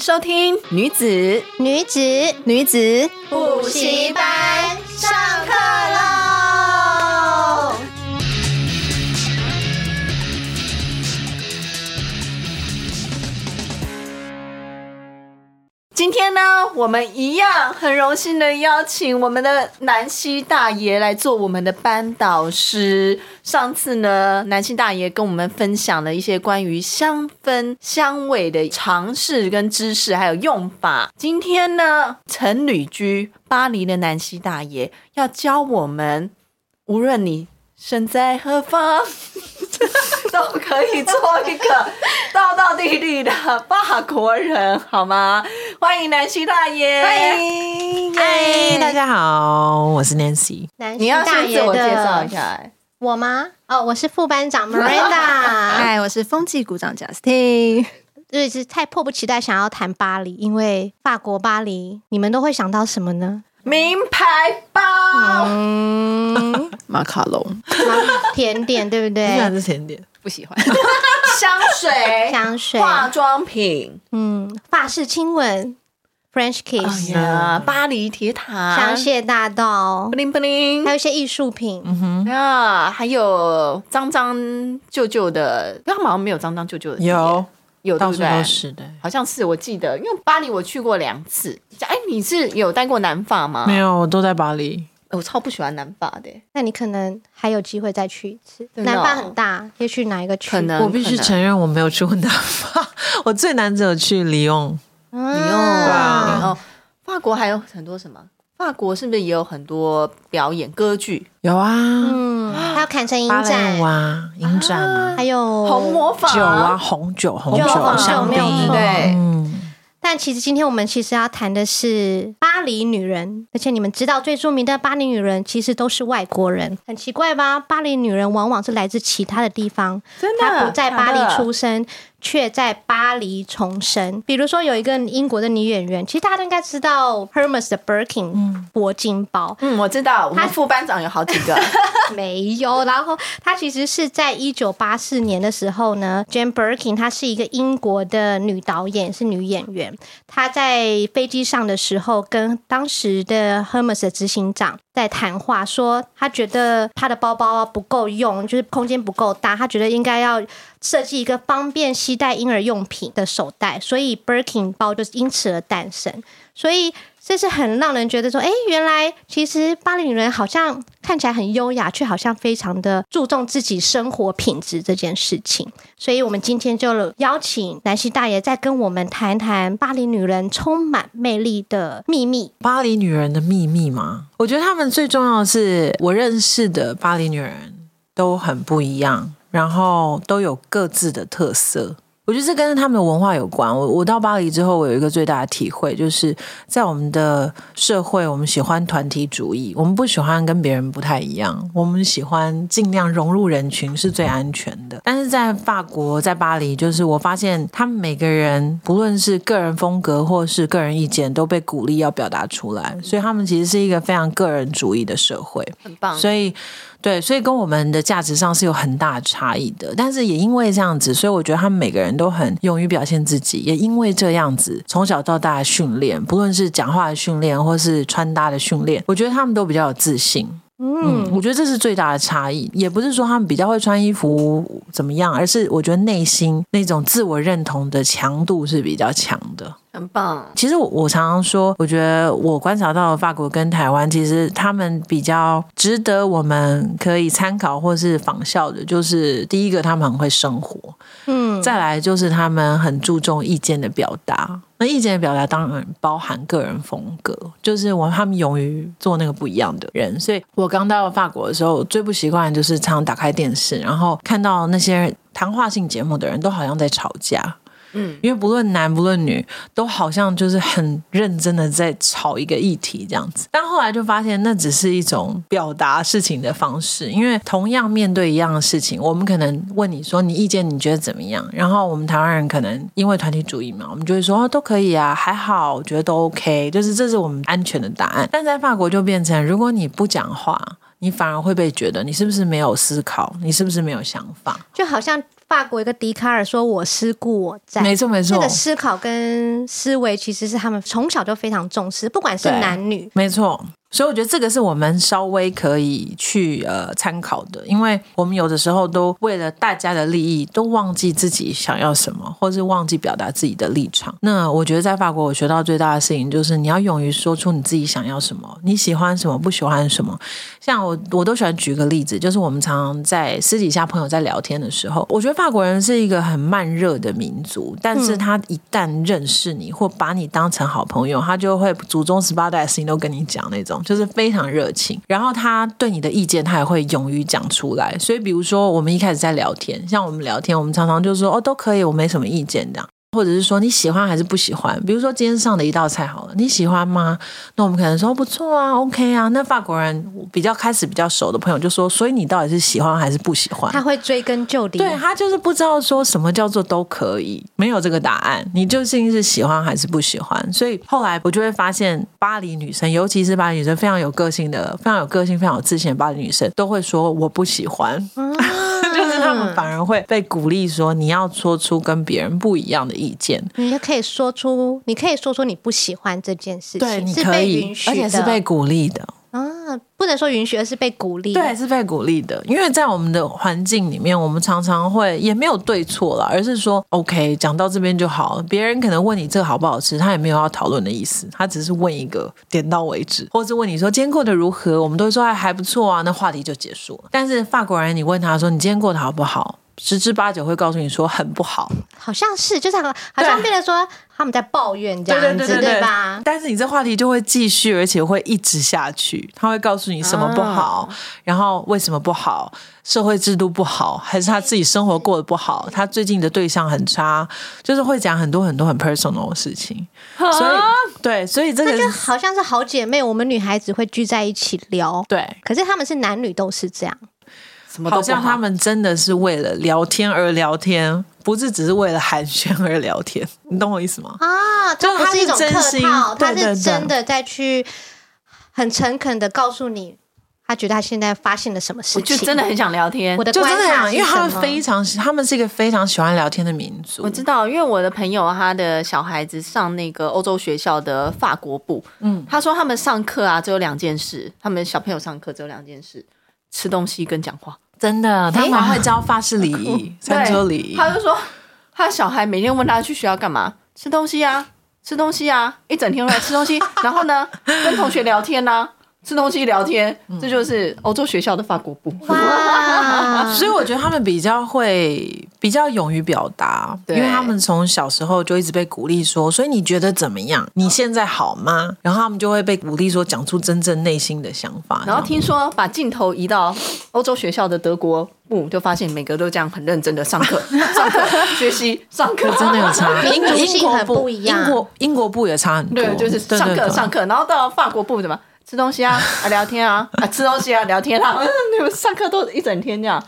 收聽女子女子女子補習班上。今天呢，我們一樣很榮幸的邀請我們的南西大爺來做我們的班導師。上次呢，南西大爺跟我們分享了一些關於香氛、香味的嘗試跟知識，還有用法。今天呢，成旅居巴黎的南西大爺要教我們，無論你身在何方。 都可以做一個道道地地的法國人，好嗎？歡迎南西大爺，歡迎，嗨，大家好，我是 Nancy，南西大爺，自我介紹一下。我嗎？哦、oh，我是副班長 Miranda， 我是風紀股長 Justine，日 太迫不及待想要談巴黎，因為法國巴黎，你們都會想到什麼呢？名牌包，嗯，馬卡龍、啊，甜點，對不對？還是甜點，不喜歡。 香水，香水，化妝品，嗯，法式親吻，French kiss，、oh、yeah, 巴黎鐵塔，香榭大道，bling bling，還有一些藝術品，嗯哼，啊、yeah,，還有髒髒舊舊的，那好像沒有髒髒舊舊的，有。有到處都是的。好像是，我記得，因為巴黎我去過兩次。哎、欸，你是有帶過南法嗎？沒有，我都在巴黎。哦、我超不喜歡南法的。那你可能還有機會再去一次。南法很大，也許哪一個區？我必須承認，我沒有去過南法。 我最南只有去里昂。里昂吧。哦、嗯，法國還有很多什麼？法國是不是也有很多表演歌劇？有啊，嗯、還有坎城影展啊，影展啊，還有紅魔法酒、啊、紅酒、紅酒、紅酒、啊啊。對、嗯，但其實今天我們其實要談的是巴黎女人，而且你們知道最著名的巴黎女人其實都是外國人，很奇怪吧？巴黎女人往往是來自其他的地方，她不在巴黎出生。卻在巴黎重生。比如說，有一個英國的女演員，其實大家都應該知道，Hermes 的 Birkin，鉑金包，嗯。嗯，我知道，他我們副班長有好幾個， 沒有。然後，她其實是在一九八四年的時候呢 ，Jane Birkin，她是一個英國的女導演，是女演員。她在飛機上的時候，跟當時的 Hermes 的執行長，在談話說，他覺得他的包包不夠用，就是空間不夠大，他覺得應該要設計一個方便攜帶嬰兒用品的手袋，所以 Birkin 包就是因此而誕生。所以。這是很讓人覺得說，哎，原來其實巴黎女人好像看起來很優雅，卻好像非常的注重自己生活品質這件事情。所以，我們今天就邀請南西大爺再跟我們談談巴黎女人充滿魅力的秘密。巴黎女人的秘密嗎？我覺得她們最重要的是，我認識的巴黎女人都很不一樣，然後都有各自的特色。我覺得這跟他們的文化有關。我我到巴黎之後，我有一個最大的體會，就是在我們的社會，我們喜歡團體主義，我們不喜歡跟別人不太一樣，我們喜歡盡量融入人群是最安全的。但是在法國，在巴黎，就是我發現他們每個人，不論是個人風格或是個人意見，都被鼓勵要表達出來，所以他們其實是一個非常個人主義的社會。很棒。所以。對，所以跟我們的價值上是有很大的差異的，但是也因為這樣子，所以我覺得他們每個人都很勇於表現自己。也因為這樣子，從小到大的訓練，不論是講話的訓練或是穿搭的訓練，我覺得他們都比較有自信。嗯，我覺得這是最大的差異，也不是說他們比較會穿衣服怎麼樣，而是我覺得內心那種自我認同的強度是比較強的。很棒。其實我，我常常說，我覺得我觀察到的法國跟台灣，其實他們比較值得我們可以參考或是仿效的，就是第一個他們很會生活，嗯，再來就是他們很注重意見的表達。那意見的表達當然包含個人風格，就是我他們勇於做那個不一樣的人。所以我剛到法國的時候，最不習慣的就是常常打開電視，然後看到那些談話性節目的人都好像在吵架。嗯，因為不論男不論女，都好像就是很認真的在吵一個議題這樣子。但後來就發現，那只是一種表達事情的方式。因為同樣面對一樣的事情，我們可能問你說：“你意見你覺得怎麼樣？”然後我們台灣人可能因為團體主義嘛，我們就會說：“哦，都可以啊，還好，我覺得都 OK，就是這是我們安全的答案。”但在法國就變成，如果你不講話，你反而會被覺得你是不是沒有思考，你是不是沒有想法，就好像。法國一個笛卡爾說我：“我思故我在。”沒錯沒錯，這個思考跟思維其實是他們從小就非常重視，不管是男女，沒錯。所以我覺得這個是我們稍微可以去呃參考的，因為我們有的時候都為了大家的利益，都忘記自己想要什麼，或是忘記表達自己的立場。那我覺得在法國，我學到最大的事情就是你要勇於說出你自己想要什麼，你喜歡什麼，不喜歡什麼。像我，我都喜歡舉個例子，就是我們常常在私底下朋友在聊天的時候，我覺得法國人是一個很慢熱的民族，但是他一旦認識你或把你當成好朋友，他就會祖宗十八代的事情都跟你講那種。就是非常熱情，然後他對你的意見，他也會勇於講出來。所以，比如說，我們一開始在聊天，像我們聊天，我們常常就說哦，都可以，我沒什麼意見這樣。或者是說你喜歡還是不喜歡？比如說今天上的一道菜好了，你喜歡嗎？那我們可能說不錯啊，OK 啊。那法國人比較開始比較熟的朋友就說，所以你到底是喜歡還是不喜歡？他會追根究底，對，他就是不知道說什麼叫做都可以，沒有這個答案。你究竟是喜歡還是不喜歡？所以後來我就會發現，巴黎女生，尤其是巴黎女生非常有個性的、非常有個性、非常有自信的巴黎女生，都會說我不喜歡。嗯、 就是他們反而會被鼓勵說，你要說出跟別人不一樣的意思。意見，嗯，你可以說出，你可以說出你不喜歡這件事情，對，是被允許的，而且是被鼓勵的啊，不能說允許，而是被鼓勵，對，是被鼓勵的。因為在我們的環境裡面，我們常常會也沒有對錯了，而是說 OK，講到這邊就好。別人可能問你這個好不好吃，他也沒有要討論的意思，他只是問一個點到為止，或者問你說今天過得如何，我們都會說還還不錯啊，那話題就結束了。但是法國人，你問他說你今天過得好不好？十之八九會告訴你說很不好，好像是，就是好像變得說他們在抱怨這樣子對、對、對、對、對、對，對吧？但是你這話題就會繼續，而且會一直下去。他會告訴你什麼不好、啊，然後為什麼不好？社會制度不好，還是他自己生活過得不好？嗯、他最近的對象很差，就是會講很多很多很 personal 的事情。啊、所以，對，所以這個就好像是好姐妹，我們女孩子會聚在一起聊。對，可是他們是男女都是這樣。好，好像他們真的是為了聊天而聊天，不是只是為了寒暄而聊天。你懂我意思嗎？啊，就他是真心，它是一種客套，對對對，他是真的在去很誠懇的告訴你，他覺得他現在發現了什麼事情。我就真的很想聊天，我的觀察是就的，因為他們非常喜，他們是一個非常喜歡聊天的民族。我知道，因為我的朋友他的小孩子上那個歐洲學校的法國部，嗯，他說他們上課啊只有兩件事，他們小朋友上課只有兩件事：吃東西跟講話。真的，他媽會教法式禮、餐、欸、車禮。他就說，他小孩每天問他去學校幹嘛？吃東西啊，吃東西啊，一整天都在吃東西。 然後呢，跟同學聊天呢、啊。吃東西聊天，這就是歐洲學校的法國部。 所以我覺得他們比較會，比較勇於表達，對。因為他們從小時候就一直被鼓勵說。所以你覺得怎麼樣？你現在好嗎？嗯。然後他們就會被鼓勵說，講出真正內心的想法。然後聽說把鏡頭移到歐洲學校的德國部，就發現每個都這樣很認真的上課、上課，上課，學習、上課，真的有差。英國部、英國英國部也差很多，對，就是上課，對對對，上課，上課。然後到法國部怎麼？吃東西啊，啊聊天啊，啊吃東西啊，聊天啊！你、 啊啊啊、 上課都一整天這樣，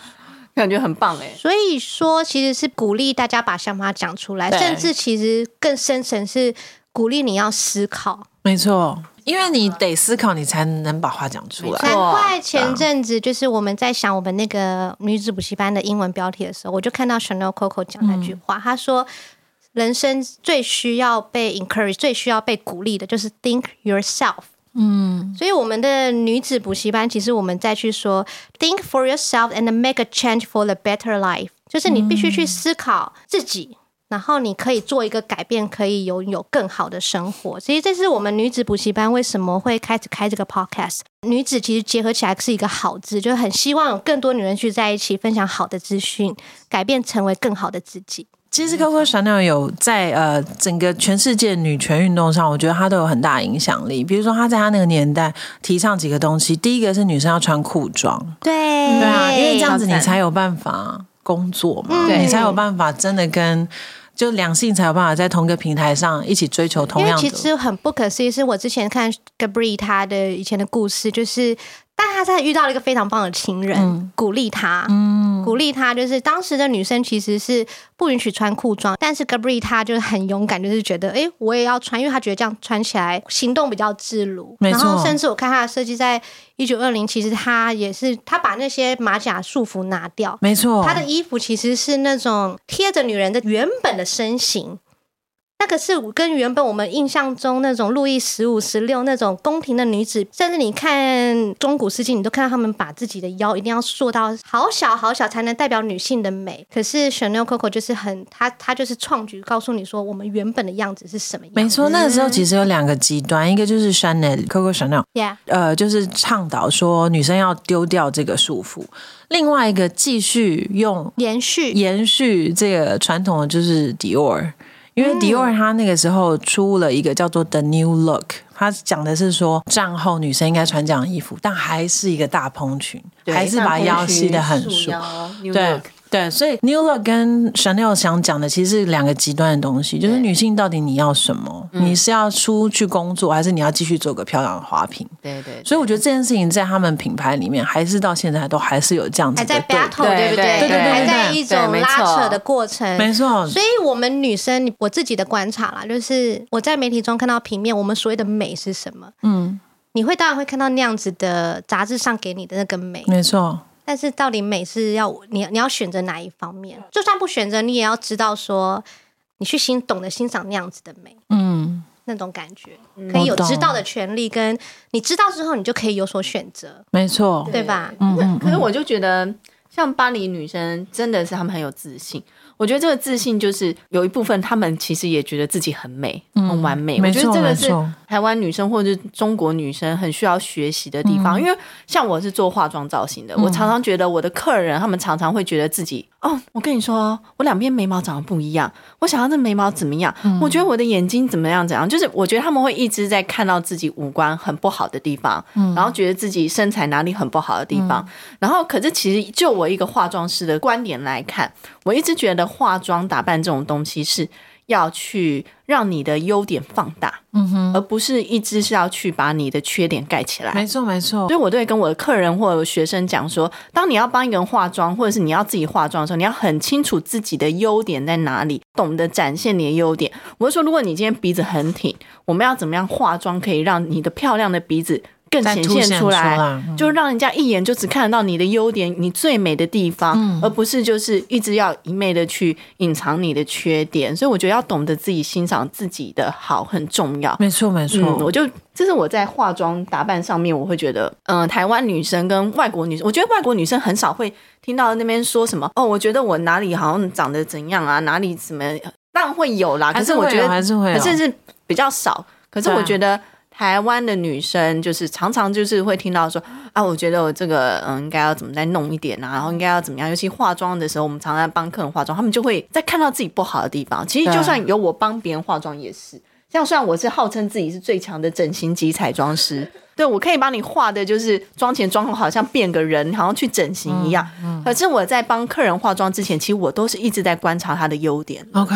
感覺很棒哎。所以說，其實是鼓勵大家把想法講出來，甚至其實更深層是鼓勵你要思考。沒錯，因為你得思考，你才能把話講出來。難怪前陣子就是我們在想我們那個女子補習班的英文標題的時候，我就看到 Chanel Coco 講那句話，嗯、他說：“人生最需要被 encourage，最需要被鼓勵的就是 think yourself。”嗯，所以我們的女子補習班，其實我們再去說，think for yourself and make a change for the better life，就是你必須去思考自己，然後你可以做一個改變，可以擁有更好的生活。所以這是我們女子補習班為什麼會開始開這個 podcast。女子其實結合起來是一個好字，就是很希望有更多女人去在一起分享好的資訊，改變成為更好的自己。其實 Coco Chanel 有在呃整個全世界女權運動上，我覺得她都有很大影響力。比如說，她在她那個年代提倡幾個東西，第一個是女生要穿褲裝，對對啊，因為這樣子你才有辦法工作嘛，嗯、你才有辦法真的跟就兩性才有辦法在同一個平台上一起追求同樣的。其實很不可思議，是我之前看 Gabrielle 她的以前的故事，就是。但他是他在遇到了一個非常棒的情人，嗯、鼓勵他，嗯、鼓勵他，就是當時的女生其實是不允許穿褲裝，但是 Gabrielle 她就很勇敢，就是覺得，哎、欸，我也要穿，因為她覺得這樣穿起來行動比較自如。然後甚至我看她的設計，在一九二零，其實她也是她把那些馬甲束縛拿掉，沒錯，她的衣服其實是那種貼着女人的原本的身形。那個是跟原本我們印象中那種路易十五、十六那種宮廷的女子，甚至你看中古世紀，你都看到他們把自己的腰一定要做到好小好小，才能代表女性的美。可是 Chanel Coco 就是很，他他就是創舉，告訴你說，我們原本的樣子是什麼樣子。沒錯，那個時候其實有兩個極端，一個就是 Chanel Coco Chanel，yeah. 呃，就是倡導說女生要丟掉這個束縛，另外一個繼續用延續延續這個傳統的，就是 Dior。因為迪奧他那個時候出了一個叫做 The New Look，他講的是說戰後女生應該穿這樣的衣服，但還是一個大蓬裙，還是把腰細得很束，對。對，所以 New Look 跟 Chanel 想講的，其實是兩個極端的東西，就是女性到底你要什麼？嗯。你是要出去工作，還是你要繼續做個漂亮的花瓶？對對、對、對。所以我覺得這件事情在他們品牌裡面，還是到現在都還是有這樣子的，對，還在 battle，對不對？對、對、對、對。對對對，還在一種拉扯的過程。沒錯。所以我們女生，我自己的觀察啦，就是我在媒體中看到平面，我們所謂的美是什麼？嗯，你會當然會看到那樣子的雜誌上給你的那個美。沒錯。但是，到底美是要你，你要選擇哪一方面？就算不選擇，你也要知道說，你去欣懂得欣賞那樣子的美，嗯，那種感覺、嗯、可以有知道的權利，跟你知道之後，你就可以有所選擇，沒錯，對吧？嗯嗯，嗯。 可是我就覺得，像巴黎女生，真的是她們很有自信。我覺得這個自信就是有一部分，他們其實也覺得自己很美、很、嗯、完美。我覺得這個是台灣女生或者中國女生很需要學習的地方，嗯，因為像我是做化妝造型的，嗯，我常常覺得我的客人，她們常常會覺得自己。哦、oh，我跟你說，我兩邊眉毛長得不一樣，我想要這眉毛怎麼樣？嗯，我覺得我的眼睛怎麼樣？怎樣？就是我覺得他們會一直在看到自己五官很不好的地方，嗯、然後覺得自己身材哪裡很不好的地方。嗯、然後，可是其實就我一個化妝師的觀點來看，我一直覺得化妝打扮這種東西是。要去讓你的優點放大，嗯哼，而不是一直是要去把你的缺點蓋起來。沒錯，沒錯。所以我對跟我的客人或者學生講說，當你要幫一個人化妝，或者是你要自己化妝的時候，你要很清楚自己的優點在哪裡，懂得展現你的優點。我就說，如果你今天鼻子很挺，我們要怎麼樣化妝可以讓你的漂亮的鼻子？更顯現出來，出來，就讓人家一眼就只看得到你的優點，嗯，你最美的地方，而不是就是一直要一味的去隱藏你的缺點。所以我覺得要懂得自己欣賞自己的好很重要。沒錯，沒錯，嗯。我就這是我在化妝打扮上面，我會覺得，嗯、呃，台灣女生跟外國女生，我覺得外國女生很少會聽到那邊說什麼哦，我覺得我哪裡好像長得怎樣啊，哪裡怎麼，當然會有啦，會有，可是我覺得還是會有，可是是比較少。可是我覺得。台灣的女生就是常常就是會聽到說啊，我覺得我這個嗯，應該要怎麼再弄一點啊，然後應該要怎麼樣？尤其化妝的時候，我們常常幫客人化妝，他們就會在看到自己不好的地方。其實就算有我幫別人化妝也是，像雖然我是號稱自己是最強的整形級彩妝師， 對，我可以幫你化的就是妝前妝後好像變個人，然後去整形一樣。嗯嗯、可是我在幫客人化妝之前，其實我都是一直在觀察她的優點。OK，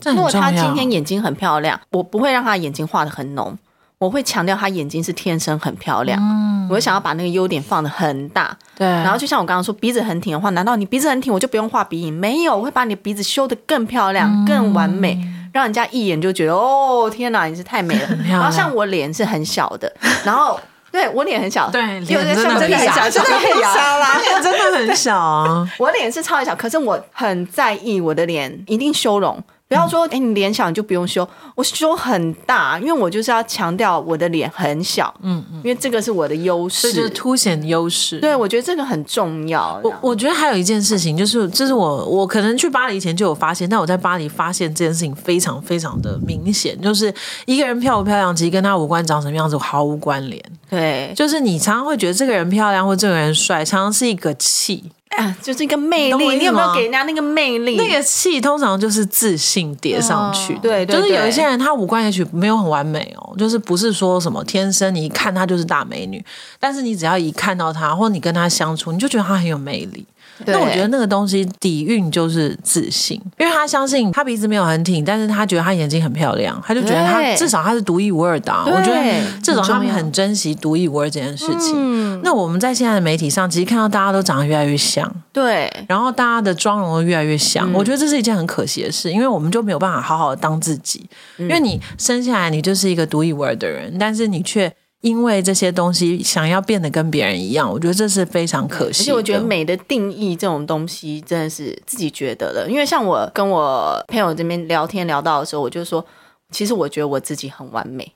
這很重要。如果她今天眼睛很漂亮，嗯、我不會讓她眼睛畫得很濃。我會強調她眼睛是天生很漂亮，嗯，我會想要把那個優點放得很大。對。然後就像我剛剛說，鼻子很挺的話，難道你鼻子很挺我就不用畫鼻影？沒有，我會把你的鼻子修得更漂亮，嗯、更完美，讓人家一眼就覺得哦，天哪，你是太美了，很漂亮。然後像我臉是很小的，然後對我臉很小， 對，像真的很小，臉真的很小，真的很小啦，真的很小。 真的很小啊， 我臉是超小，可是我很在意我的臉，一定修容。不要說，哎，你臉小你就不用修，嗯，我修很大，因為我就是要強調我的臉很小，嗯嗯，因為這個是我的優勢，就是凸顯優勢。對，我覺得這個很重要。我我覺得還有一件事情，就是就是我我可能去巴黎以前就有發現，但我在巴黎發現這件事情非常非常的明顯，就是一個人漂不漂亮，其實跟他五官長什麼樣子我毫無關聯。對，就是你常常會覺得這個人漂亮或這個人帥，常常是一個氣。哎，就是一個魅力你，你有沒有給人家那個魅力？那個氣通常就是自信疊上去，哦，對，對，對，就是有一些人，他五官也許沒有很完美哦，就是不是說什麼天生，你一看她就是大美女，但是你只要一看到她，或者你跟她相處，你就覺得她很有魅力。那我覺得那個東西底蘊就是自信，因為他相信他鼻子沒有很挺，但是他覺得他眼睛很漂亮，他就覺得他至少他是獨一無二的啊。我覺得這種他們很珍惜獨一無二這件事情。那我們在現在的媒體上，其實看到大家都長得越來越像，對，然後大家的妝容都越來越像，我覺得這是一件很可惜的事，因為我們就沒有辦法好好的當自己，因為你生下來你就是一個獨一無二的人，但是你卻。因為這些東西想要變得跟別人一樣，我覺得這是非常可惜的。而且我覺得美的定義這種東西真的是自己覺得的，因為像我跟我朋友這邊聊天聊到的時候，我就說，其實我覺得我自己很完美，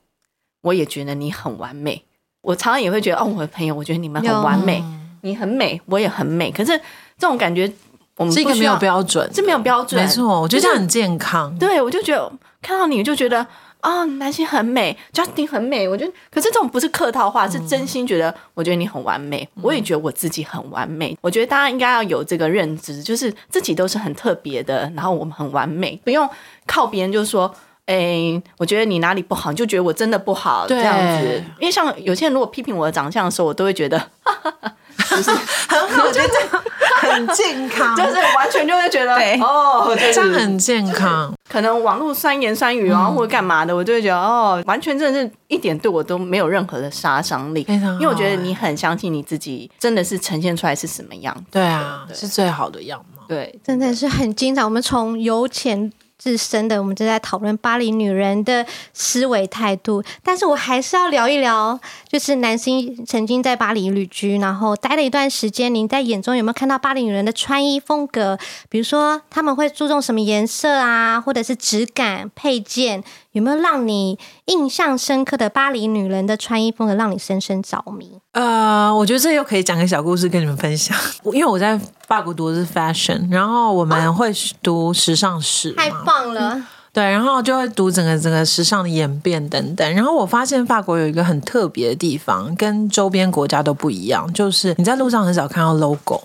我也覺得你很完美。我常常也會覺得，哦，我的朋友，我覺得你們很完美，yeah. 你很美，我也很美。可是這種感覺，我們是一、這個沒有標準，這沒有標準，沒錯。我覺得這很健康、就是。對，我就覺得看到你就覺得。啊、哦，南西很美，Justine 很美，我覺得、嗯。可是這種不是客套話，是真心覺得。我覺得你很完美、嗯，我也覺得我自己很完美。嗯、我覺得大家應該要有這個認知，就是自己都是很特別的，然後我們很完美，不用靠別人。就是說，哎、欸，我覺得你哪裡不好，你就覺得我真的不好，這樣子。因為像有些人如果批評我的長相的時候，我都會覺得。哈哈 健康 就是很好，哦，這樣很健康，就是完全就會覺得哦，這樣很健康。可能網絡酸言酸語，啊，或者幹嘛的，嗯，我就會覺得哦，完全真的是一點對我都沒有任何的殺傷力。非常，因為我覺得你很相信你自己，真的是呈現出來是什麼樣，對啊，對對，是最好的樣貌。對，真的是很精彩。我們從由錢自身的，我們正在討論巴黎女人的思維態度，但是我還是要聊一聊，就是南西曾經在巴黎旅居，然後待了一段時間。您在眼中有沒有看到巴黎女人的穿衣風格？比如說他們會注重什麼顏色啊，或者是質感、配件？有沒有讓你印象深刻的巴黎女人的穿衣風格讓你深深着迷？呃，我覺得這又可以講個小故事跟你們分享，因為我在。法國讀的是 fashion，然後我們會讀時尚史。太棒了，對，然後就會讀整個整個時尚的演變等等。然後我發現法國有一個很特別的地方，跟周邊國家都不一樣，就是你在路上很少看到 logo。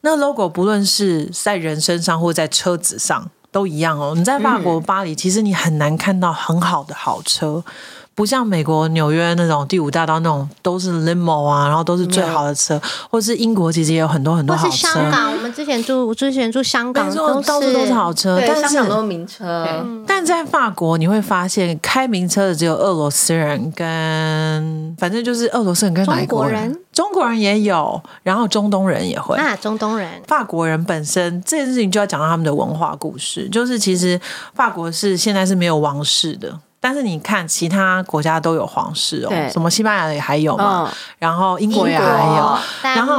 那 logo 不論是在人身上或在車子上都一樣哦。你在法國巴黎，嗯，其實你很難看到很好的好車。不像美國紐約那種第五大道那種都是 limo 啊，然後都是最好的車，嗯、或是英國其實也有很多很多好車，或是香港、嗯，我們之前住之前住香港，都是都是好車，對，香港都是名車。但、嗯、但在法國你會發現，開名車的只有俄羅斯人跟，反正就是俄羅斯人跟法國人、中國人，中國人也有，然後中東人也會那、啊、中東人，法國人本身這件事情就要講到他們的文化故事，就是其實法國是現在是沒有王室的。但是你看，其他國家都有皇室哦，什麼西班牙也還有嘛，嗯、然後英國也還有，然後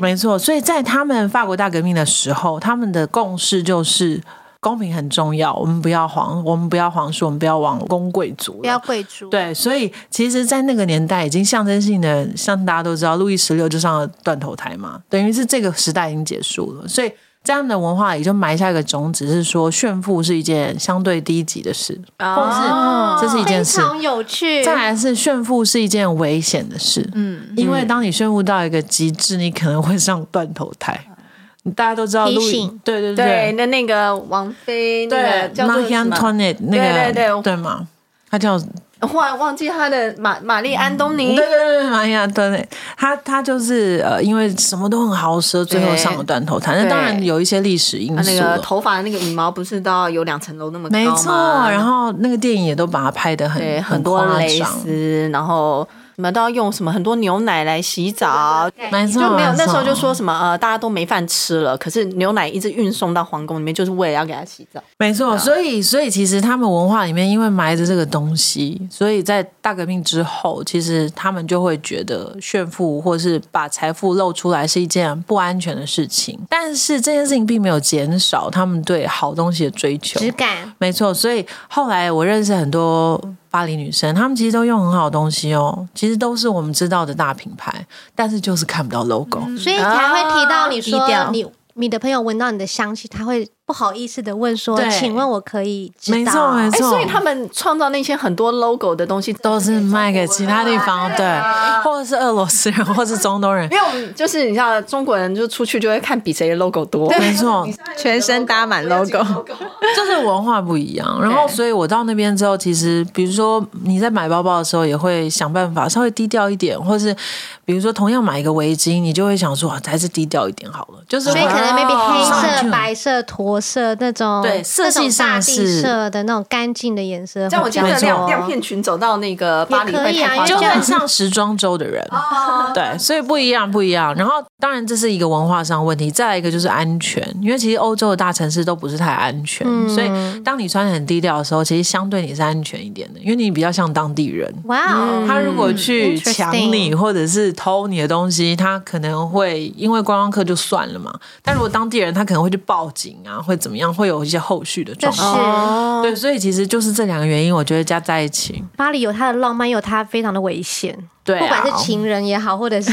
沒錯，所以在他們法國大革命的時候，他們的共識就是公平很重要，我們不要皇，我們不要皇室，我們不要王公貴族，不要貴族。對，所以其實，在那個年代，已經象徵性的，像大家都知道，路易十六就上了斷頭台嘛，等於是這個時代已經結束了，所以。這樣的文化也就埋下一個種子，是說炫富是一件相對低級的事，或、哦、是這是一件事，非常有趣，再來是炫富是一件危險的事。嗯，因為當你炫富到一個極致，你可能會上斷頭台。嗯、你大家都知道路易，對對對，的那個王妃，對，馬湘川的那個，對對對，對嘛，他叫，那個、叫。忽然忘記他的瑪瑪麗安東尼，嗯，對對對，瑪麗安東尼，他他就是呃，因為什麼都很豪奢，最後上了斷頭台。那當然有一些歷史因素。啊、那個頭髮的那個羽毛不是到有兩層樓那麼高嗎？沒錯，然後那個電影也都把它拍的很對，很多蕾絲，然後。什麼都要用什麼很多牛奶來洗澡，沒錯，就沒有那時候就說什麼呃，大家都沒飯吃了，可是牛奶一直運送到皇宮裡面，就是為了要給他洗澡。沒錯，所以所以其實他們文化裡面因為埋着這個東西，所以在大革命之後，其實他們就會覺得炫富或是把財富露出來是一件不安全的事情。但是這件事情並沒有減少他們對好東西的追求，質感沒錯。所以後來我認識很多、嗯。巴黎女生，她們其實都用很好的東西哦，其實都是我們知道的大品牌，但是就是看不到 logo，、嗯、所以才會提到你說，你、啊、你的朋友聞到你的香氣，他會。不好意思的問說，對，請問我可以、啊？沒錯沒錯、欸。所以他們創造那些很多 logo 的東西，都是賣給其他地方，啊、對，對、啊，或者是俄羅斯人，或者是中東人。沒有，就是你知道，中國人就出去就會看比誰的 logo 多。沒錯，全身搭滿 logo，, logo 就是文化不一樣。Okay. 然後，所以我到那邊之後，其實比如說你在買包包的時候，也會想辦法稍微低調一點，或是比如說同樣買一個圍巾，你就會想說啊，還是低調一點好了。就是所以可能 maybe、oh, 黑色、白色、駝色那種色系大地色的那種乾淨的顏色，在我記得亮亮片裙走到那個巴黎會、啊、就很像時裝週的人、哦，對，所以不一樣不一樣。然後當然這是一個文化上問題，再來一個就是安全，因為其實歐洲的大城市都不是太安全，嗯，所以當你穿的很低調的時候，其實相對你是安全一點的，因為你比較像當地人。哇，嗯，他如果去搶你或者是偷你的東西，他可能會因為觀光客就算了嘛，但如果當地人，他可能會去報警啊。會怎麼樣？會有一些後續的狀況、哦。對，所以其實就是這兩個原因，我覺得加在一起，巴黎有它的浪漫，有它非常的危險。對、啊，不管是情人也好，或者是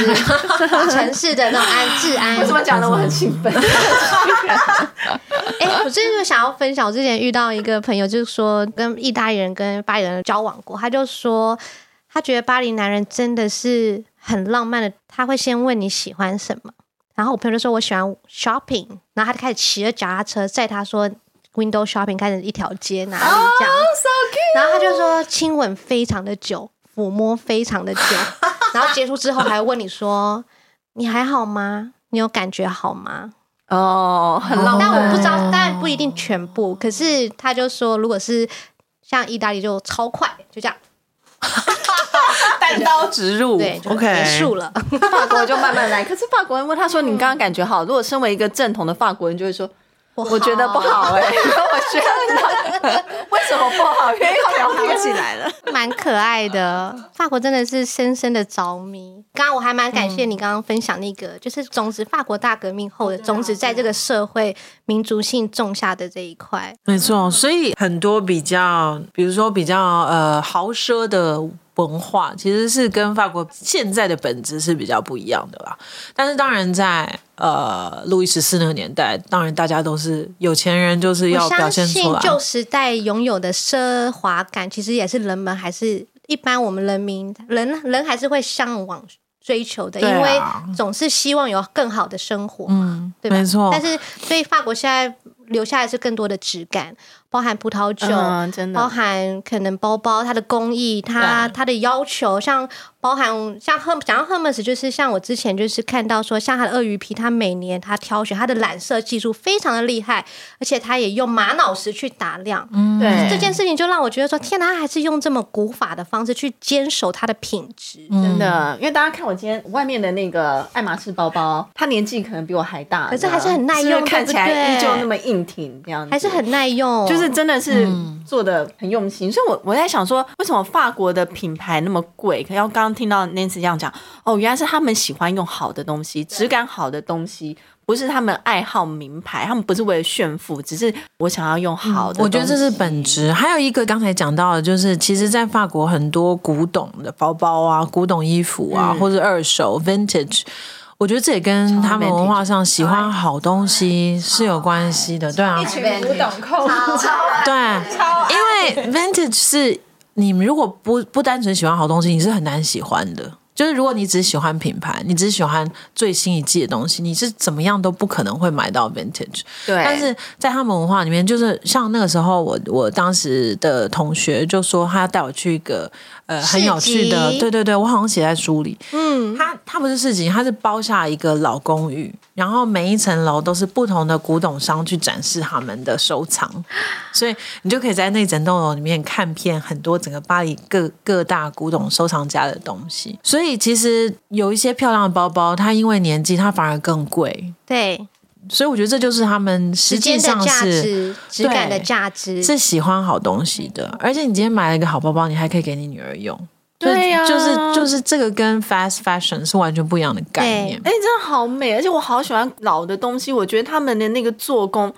城市的那種安治安， 為什麼講的我很興奮？哎、 欸，就是、我最近想要分享，我之前遇到一個朋友，就是說跟意大利人，跟巴黎人交往過，他就說他覺得巴黎男人真的是很浪漫的，他會先問你喜歡什麼。然後我朋友就說我喜歡 shopping，然後他就開始騎着腳踏車載他說 window shopping，開始一條街哪裡這樣，oh, so cute，然後他就說親吻非常的久，撫摸非常的久， 然後結束之後還會問你說你還好嗎？你有感覺好嗎？哦、oh,，很浪漫。但我不知道，但不一定全部。可是他就說，如果是像意大利就超快，就這樣。哈哈哈，單刀直入， 對，OK，結束了。Okay. 法國人就慢慢來。可是法國人問他說：“ 你剛剛感覺好？如果身為一個正統的法國人，就會說。”我覺得不好哎、欸， 我覺得為什麼不好？ 因為又聊起來了。 蠻可愛的，法國真的是深深的着迷剛剛我還蠻感謝你剛剛分享那個，嗯、就是種子，法國大革命後的對對對，種子，在這個社會對對對，民族性種下的這一塊。沒錯，所以很多比較，比如說比較呃豪奢的。文化其實是跟法國現在的本質是比較不一樣的啦。但是當然在呃路易十四那個年代，當然大家都是有錢人，就是要表現出來舊時代擁有的奢華感，其實也是人們還是一般我們人民人人還是會向往追求的，啊，因為總是希望有更好的生活嘛，嗯、對沒錯。但是所以法國現在，留下來是更多的質感，包含葡萄酒，嗯、包含可能包包它的工藝，它它的要求，像。包含像 Hermes，講到 Hermes，就是像我之前就是看到說，像他的鱷魚皮，他每年他挑選他的染色技術非常的厲害，而且他也用瑪瑙石去打亮，嗯，對，這件事情就讓我覺得說，天吶，他還是用這麼古法的方式去堅守他的品質，嗯、真的，因為大家看我今天外面的那個愛馬仕包包，他年紀可能比我還大，可是還是很耐用，就是看起來依舊那麼硬挺這樣，還是很耐用，就是真的是做的很用心，嗯、所以我我在想說，為什麼法國的品牌那麼貴？可要剛。聽到 Nancy 這樣講，哦，原來是他們喜歡用好的東西，質感好的東西，不是他們愛好名牌，他們不是為了炫富，只是我想要用好的東西，嗯。我覺得這是本質。還有一個剛才講到的，就是其實，在法國很多古董的包包啊，古董衣服啊，嗯、或者二手 Vintage，我覺得這也跟他們文化上喜歡好東西是有關係的、的，對啊，古董控，對，因為 Vintage 是。你如果不不單純喜歡好東西，你是很難喜歡的。就是如果你只喜歡品牌，你只喜歡最新一季的東西，你是怎麼樣都不可能會買到 vintage。對，但是在他們文化裡面，就是像那個時候我，我我當時的同學就說，他要帶我去一個。呃，很有趣的。對對對，我好像寫在書裡。嗯，它它不是市集，它是包下一個老公寓，然後每一層樓都是不同的古董商去展示他們的收藏，所以你就可以在那整棟樓裡面看遍很多整個巴黎各各大古董收藏家的東西。所以其實有一些漂亮的包包，它因為年紀，它反而更貴。對。所以我覺得這就是他們實際上是質感的價值，是喜歡好東西的。而且你今天買了一個好包包，你還可以給你女兒用。對呀，就是就是這個跟 fast fashion 是完全不一樣的概念。哎，欸，你真的好美，而且我好喜歡老的東西。我覺得他們的那個做工。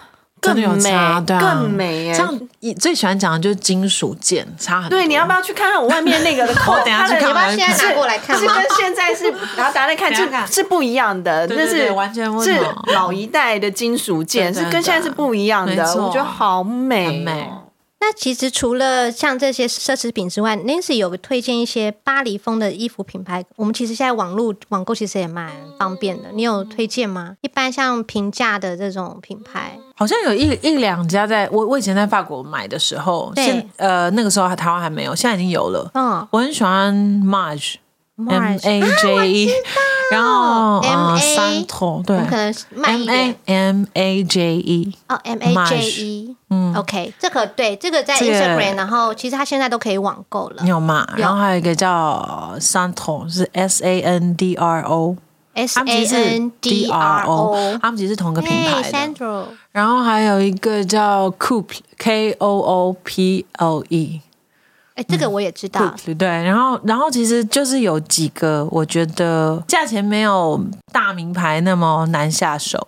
更美，更有對、啊、更美耶、欸。這樣你最喜歡講的就是金屬件，差很多。對，你要不要去看看我外面那個的口？它的尾巴你要不要現在拿過來看是？是跟現在是， 然後大家來看， 是是不一樣的，那是完全是老一代的金屬件 對對對對，是跟現在是不一樣的。對對對對，我覺得好美、喔。那其實除了像這些奢侈品之外，Nancy 有推薦一些巴黎風的衣服品牌。我們其實現在網絡網購其實也蠻方便的，你有推薦嗎？一般像平價的這種品牌，好像有一一兩家在，在我我以前在法國買的時候，現對，呃，那個時候台灣還沒有，現在已經有了。嗯，我很喜歡 Maje。Marge, M A J E、啊、然後啊，三頭、呃、對可能，M A M A J E，哦、oh，M A J E，Marge, 嗯，OK，這個對，這個在 Instagram、這個、然後其實他現在都可以網購了。你有嗎有？然後還有一個叫 Sandro 是 S A N D R O，S A N D R O，他們其實是同一個品牌的，hey, 然後還有一個叫 Coop，K O O P L E。哎、欸，這個我也知道、嗯。對，然後，然後其實就是有幾個，我覺得價錢沒有大名牌那麼難下手，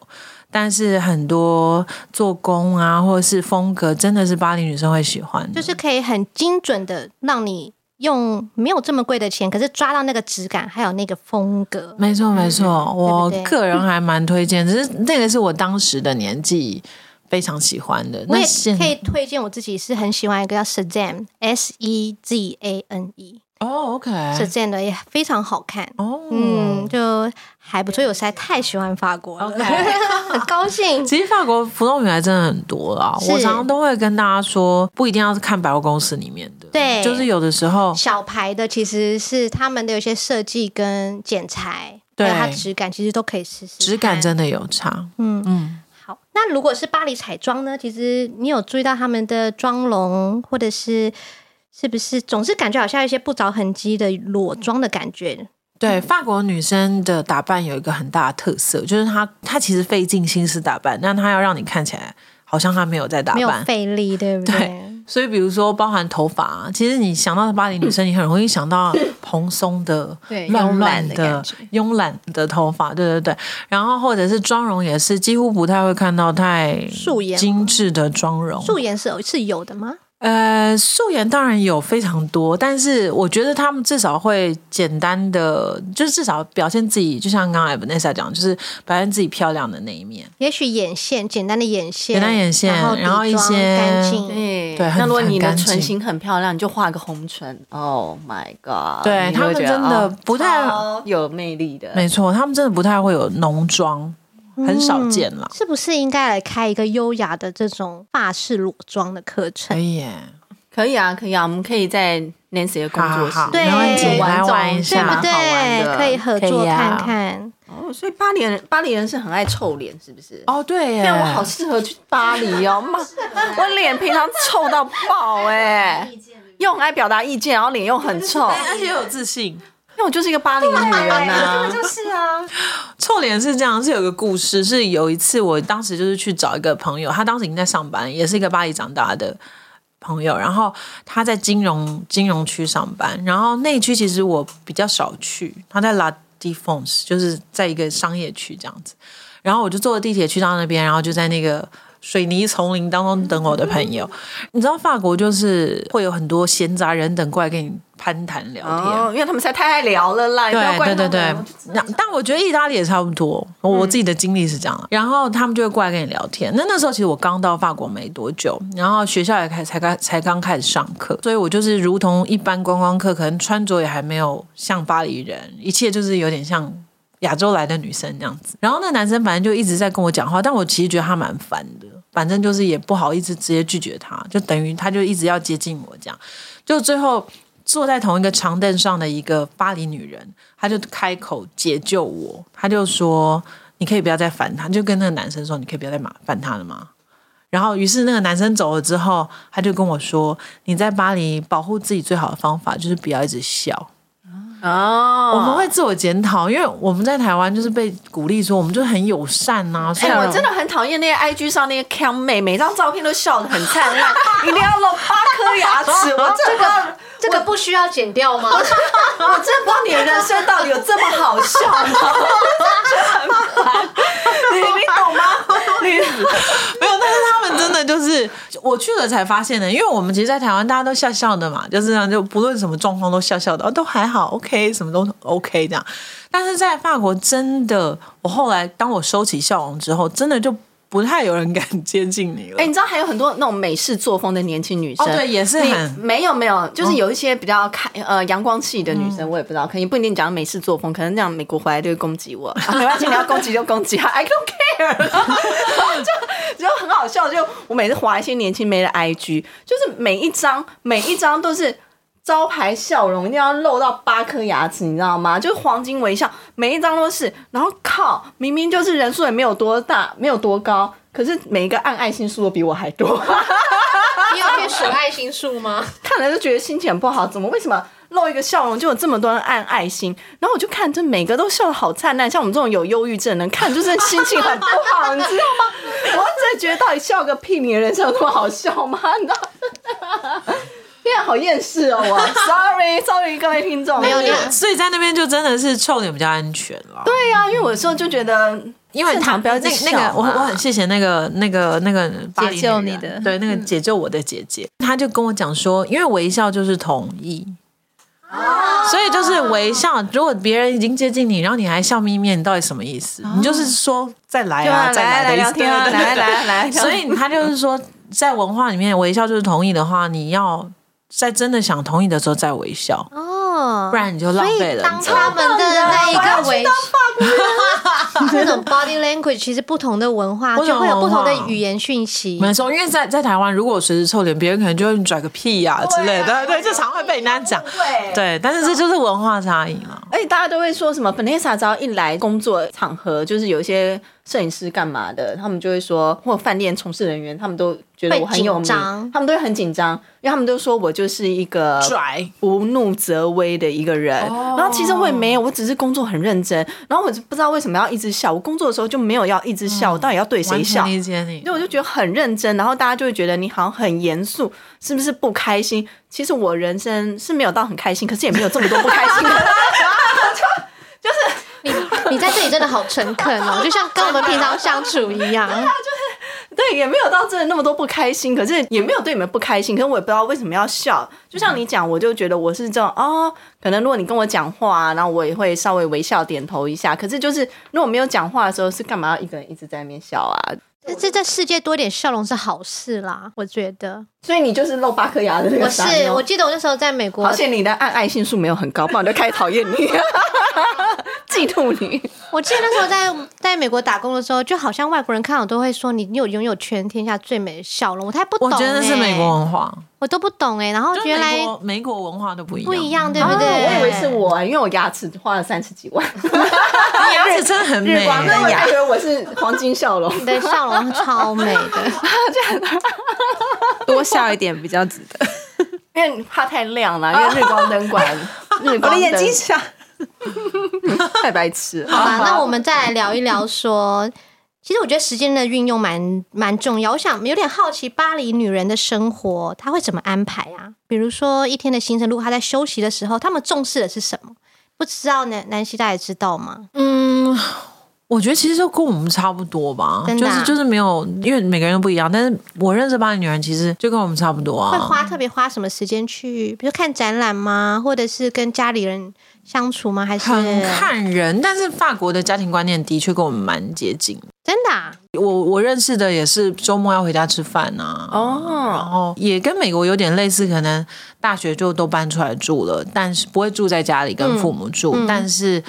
但是很多做工啊，或者是風格，真的是巴黎女生會喜歡，就是可以很精準的讓你用沒有這麼貴的錢，可是抓到那個質感還有那個風格。沒錯，沒錯，我個人還蠻推薦、嗯，只是那個是我當時的年紀。非常喜歡的，那也可以推薦我自己是很喜歡一個叫 Sezane S E Z A N E。哦、oh,，OK，Sezane、okay. 也非常好看。哦、oh.，嗯，就還不錯。我實在太喜歡法國了，okay. 很高興。其實法國服裝品牌真的很多啦，我常常都會跟大家說，不一定要看百貨公司裡面的。對，就是有的時候小牌的其實是他們的有一些設計跟剪裁，對它質感其實都可以試試。質感真的有差，嗯嗯。好，那如果是巴黎彩妝呢？其實你有注意到他們的妝容，或者是是不是總是感覺好像有一些不着痕跡的裸妝的感覺？對，法國女生的打扮有一個很大的特色，就是她她其實費盡心思打扮，但她要讓你看起來好像她沒有在打扮，沒有費力，對不對？對。所以，比如說，包含頭髮，其實你想到巴黎女生，嗯、你很容易想到蓬鬆的、對、嗯、慵懶的慵懶的頭髮，對對對。然後，或者是妝容也是，幾乎不太會看到太素顏精致的妝容。素顏是有是有的嗎？呃，素顏當然有非常多，但是我覺得他們至少會簡單的，就是至少表現自己，就像剛剛 Vanessa 講，就是表現自己漂亮的那一面。也許眼線，簡單的眼線，簡單眼線然，然後一些乾淨。對，那如果你的唇型很漂亮，嗯，你就畫個紅唇。Oh my god！對，他們真的不太有魅力的，沒錯，他們真的不太會有濃妝。嗯、很少見了，是不是應該來開一個優雅的這種法式裸妝的課程？可以耶，可以啊，可以啊，我們可以在 Nancy 的工作室然後一起玩玩一下，對不對？可以合作看看。啊。哦，所以巴黎人，巴黎人是很愛臭臉，是不是？哦，對耶，我好適合去巴黎哦，媽、 啊，我臉平常臭到爆哎，欸， 又很愛表達意見， 然後臉又很臭，是而且又有自信。那我就是一個巴黎女人啊，就是啊，臭臉是這樣，是有個故事，是有一次，我當時就是去找一個朋友，他當時已經在上班，也是一個巴黎長大的朋友，然後他在金融金融區上班，然後那一區其實我比較少去，他在 La Défense 就是在一個商業區這樣子，然後我就坐地鐵去到那邊，然後就在那個。水泥叢林當中等我的朋友， 你知道法國就是會有很多閒雜人等過來跟你攀談聊天。哦，因為他們實在太愛聊了啦。 你不要怪對對對對，那但我覺得意大利也差不多。我自己的經歷是這樣。嗯。然後他們就會過來跟你聊天。那那時候其實我剛到法國沒多久，然後學校也開才才剛開始上課，所以我就是如同一般觀光客，可能穿着也還沒有像巴黎人，一切就是有點像亞洲來的女生那樣子。然後那男生反正就一直在跟我講話，但我其實覺得他蠻煩的。反正就是也不好意思直接拒絕他，就等於他就一直要接近我這樣，就最後坐在同一個長凳上的一個巴黎女人，她就開口解救我，她就說，你可以不要再煩他，就跟那個男生說，你可以不要再麻煩他了嘛。然後於是那個男生走了之後，他就跟我說，你在巴黎保護自己最好的方法就是不要一直笑。哦、oh.，我們會自我檢討，因為我們在台灣就是被鼓勵說，我們就很友善吶、啊。哎、欸，我真的很討厭那些 IG 上那些 cam 妹，每張照片都笑得很燦爛， 一定要露八顆牙齒，我這個。 這個不需要剪掉嗎？ 我這幫年人生到底有這麼好笑嗎？你 你懂嗎？ 沒有，但是他們真的就是我去了才發現的，因為我們其實，在台灣大家都笑笑的嘛，就是這樣，就不論什麼狀況都笑笑的，都還好，OK，什麼都 OK 這樣。但是在法國真的，我後來當我收起笑容之後，真的就。不太有人敢接近你了。哎，你知道還有很多那種美式作風的年輕女生。哦，對，也是你沒有沒有，就是有一些比較開呃陽光氣的女生，我也不知道，可能不一定講美式作風，可能這樣美國回來就會攻擊我。沒關係，你要攻擊就攻擊 I don't care， 就就很好笑。就我每次滑一些年輕妹的 IG，就是每一張每一張都是。招牌笑容一定要露到八顆牙齒，你知道嗎？就是黃金微笑，每一張都是。然後靠，明明就是人數也沒有多大，沒有多高，可是每一個按愛心數都比我還多。 你有變數愛心數嗎？看了就覺得心情不好，怎麼為什麼露一個笑容就有這麼多人按愛心？然後我就看，這每個都笑得好燦爛，像我們這種有憂鬱症，能看就是心情很不好， 你知道嗎？ 我真的覺得到底笑個屁？你的人生有多好笑嗎？你知道？ 因為好厭世哦，我 sorry sorry 各位聽眾。沒 有，所以在那邊就真的是臭臉比較安全了。對呀、啊，因為有時候就覺得，因為唐標，那那個我我很謝謝那個那個那個解救你的，對那個解救我的姐姐，嗯、他就跟我講說，因為微笑就是同意，啊、所以就是微笑，如果別人已經接近你，然後你還笑眯眯，你到底什麼意思？啊、你就是說再來啊，再來、啊，再來、啊，再來、啊，來、啊、來、啊、來、啊， 所以他就是說，在文化裡面，微笑就是同意的話，你要。在真的想同意的時候再微笑哦，不然你就浪費了。當他們的那一個微笑，你覺得那種 body language 其實不同的文化，文化就會有不同的語言訊息。沒錯，因為在在台灣，如果隨時，時臭臉，別人可能就會拽個屁呀，啊啊、之類的對，啊，對，就常會被人家講。對，啊對，對，啊、對，但是這就是文化差異啊，差啊、嗯、而且大家都會說什麼，Vanessa 只要一來工作場合，就是有一些攝影師幹嘛的，他們就會說，或飯店從事人員，他們都。覺得我很有名會緊張，他們都會很緊張，因為他們都說我就是一個拽，不怒則威的一個人哦。然後其實我也沒有，我只是工作很認真。然後我就不知道為什麼要一直笑。我工作的時候就沒有要一直笑，嗯、我到底要對誰笑？理解你。我就覺得很認真，然後大家就會覺得你好像很嚴肅，是不是不開心？其實我人生是沒有到很開心，可是也沒有這麼多不開心的。 就是你，你在這裡真的好誠懇哦， 就像跟我們平常相處一樣。 對，也沒有到真的那麼多不開心，可是也沒有對你們不開心，可是我也不知道為什麼要笑。就像你講，我就覺得我是這種哦，可能如果你跟我講話啊，然後我也會稍微微笑點頭一下。可是就是如果沒有講話的時候，是幹嘛要一個人一直在那邊笑啊？這這世界多一點笑容是好事啦，我覺得。所以你就是露八顆牙的那個。我是，我記得我那時候在美國，而且你的愛愛心數沒有很高，不然我就開始討厭你、啊， 嫉妒你。我記得那時候在在美國打工的時候，就好像外國人看我都會說，你，你你有擁有全天下最美的笑容，我太不懂、欸。我真的是美國文化。我都不懂哎、欸，然後原來美，美國文化都不一樣，不一樣對不對？我以為是我，因為我牙齒花了三十幾萬， 牙齒真的很美，日光燈牙，以為我，我是黃金笑容，的， 笑容超美的，這樣多笑一點比較值得，因為你怕太亮了，因為日光燈管， 日光燈，我的眼睛太白痴。 好啦，那我們再來聊一聊說。其實我覺得時間的運用蠻蠻重要。我想有點好奇巴黎女人的生活，她會怎麼安排啊？比如說一天的行程，如果她在休息的時候，他們重視的是什麼？不知道南南西大爺知道嗎？嗯，我覺得其實就跟我們差不多吧，啊、就是就是沒有，因為每個人都不一樣。但是我認識巴黎女人，其實就跟我們差不多啊。會花特別花什麼時間去，比如看展覽嗎？或者是跟家裡人相處嗎？還是很看人，但是法國的家庭觀念的確跟我們蠻接近。真的、啊，我我認識的也是周末要回家吃飯啊哦，oh. 然後也跟美國有點類似，可能大學就都搬出來住了，但是不會住在家裡跟父母住，嗯嗯、但是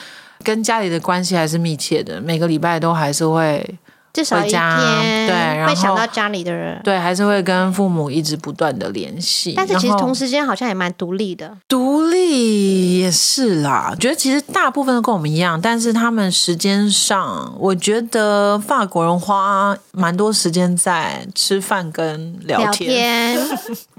跟家裡的關係還是密切的，每個禮拜都還是會。至少一天會想到家裡的人，對，還是會跟父母一直不斷的聯繫。但是其實同時間好像也蠻獨立的，獨立也是啦。覺得其實大部分都跟我們一樣，但是他們時間上，我覺得法國人花蠻多時間在吃飯跟聊天、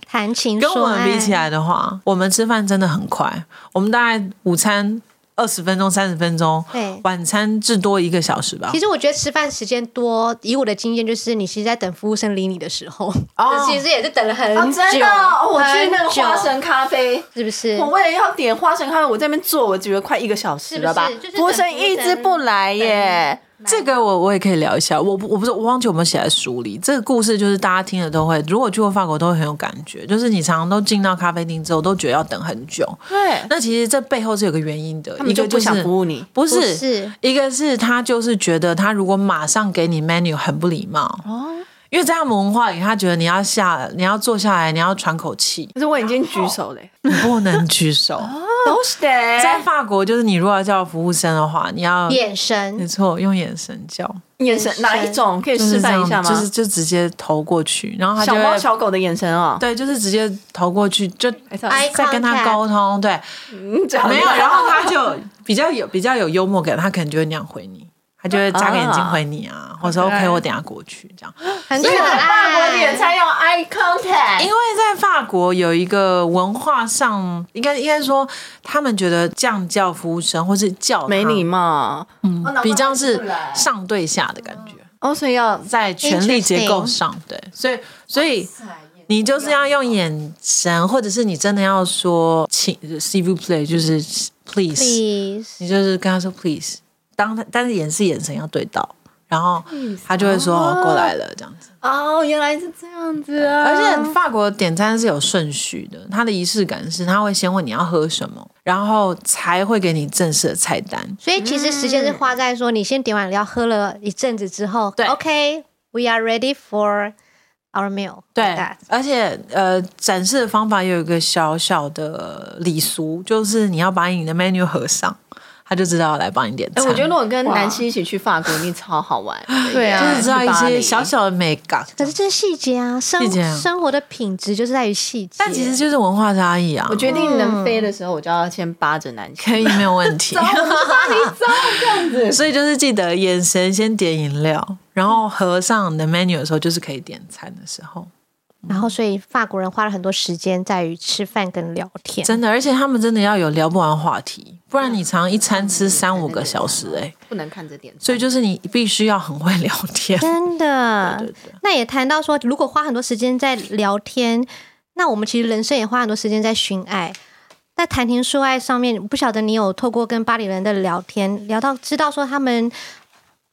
談情。 跟我們比起來的話，我們吃飯真的很快，我們大概午餐。二十分鐘、三十分鐘，對，晚餐至多一個小時吧。其實我覺得吃飯時間多，以我的經驗就是，你其實，在等服務生理你的時候，哦，其實也是等了很久。哦、真的、哦，我去那個花神咖啡，是不是？我為了要點花神咖啡，是是我在那邊坐，我覺得快一個小時了吧？是，是？就是、服務生一直不來耶。這個我我也可以聊一下，我我不是我忘記我們寫在書裡這個故事，就是大家聽了都會，如果去過法國都會很有感覺，就是你常常都進到咖啡廳之後都覺得要等很久，對，那其實這背後是有一個原因的，一個就是不想服務你，就是、不是，不是一個是他就是覺得他如果馬上給你 menu 很不禮貌、哦因為在他們文化裡，他覺得你要下，你要坐下來，你要喘口氣。可是我已經舉手了，你不能舉手，都是的。在法國，就是你如果要叫服務生的話，你要眼神，沒錯，用眼神叫。眼神哪一種、就是、可以示範一下嗎？就是就直接投過去，然後他就會小貓小狗的眼神哦，對，就是直接投過去，就再跟他溝通，對，嗯、沒有， 然後他就比較有比較有幽默感，他可能就會那樣回你。就會眨個眼睛回你啊！Oh, 我說 OK，okay. 我等下過去這樣。很可愛。所以，我們法國點餐要 eye contact，因為在法國有一個文化上，應該應該說他們覺得這樣叫服務生或是叫沒禮貌，嗯，比較是上對下的感覺。哦，所以要在權力結構上對，所以所以你就是要用眼神，或者是你真的要說請、就是、s'il vous plaît 就是 please，please 你就是跟他說 please。當但也是演示眼神要對到，然後他就會說過來了這樣子。哦，原來是這樣子啊！而且法國點餐是有順序的，他的儀式感是他會先問你要喝什麼，然後才會給你正式的菜單。所以其實時間是花在說你先點完了，要喝了一陣子之後，對、嗯。Okay, we are ready for our meal。對。Like、而且呃，展示的方法也有一個小小的禮俗，就是你要把你的 menu 合上。他就知道要來幫你點餐。餐、欸，我覺得如果跟南希一起去法國一定超好玩。 對啊，就是知道一些小小的美感。可是這些細節啊，生活生活的品質就是在於細節。但其實就是文化差異啊。我決定能飛的時候，我就要先扒着南希。 可以，沒有問題。哈，怎麼可以這樣子？所以就是記得眼神先點飲料，然後合上 the menu 的時候，就是可以點餐的時候。然後，所以法國人花了很多時間在於吃飯跟聊天。嗯，真的，而且他們真的要有聊不完話題，不然你常常一餐吃三五個小時，哎，不能看這點。所以就是你必須要很會聊天，真的。對對對。那也談到說，如果花很多時間在聊天，那我們其實人生也花很多時間在尋愛，在談情說愛上面。不曉得你有透過跟巴黎人的聊天聊到知道說他們。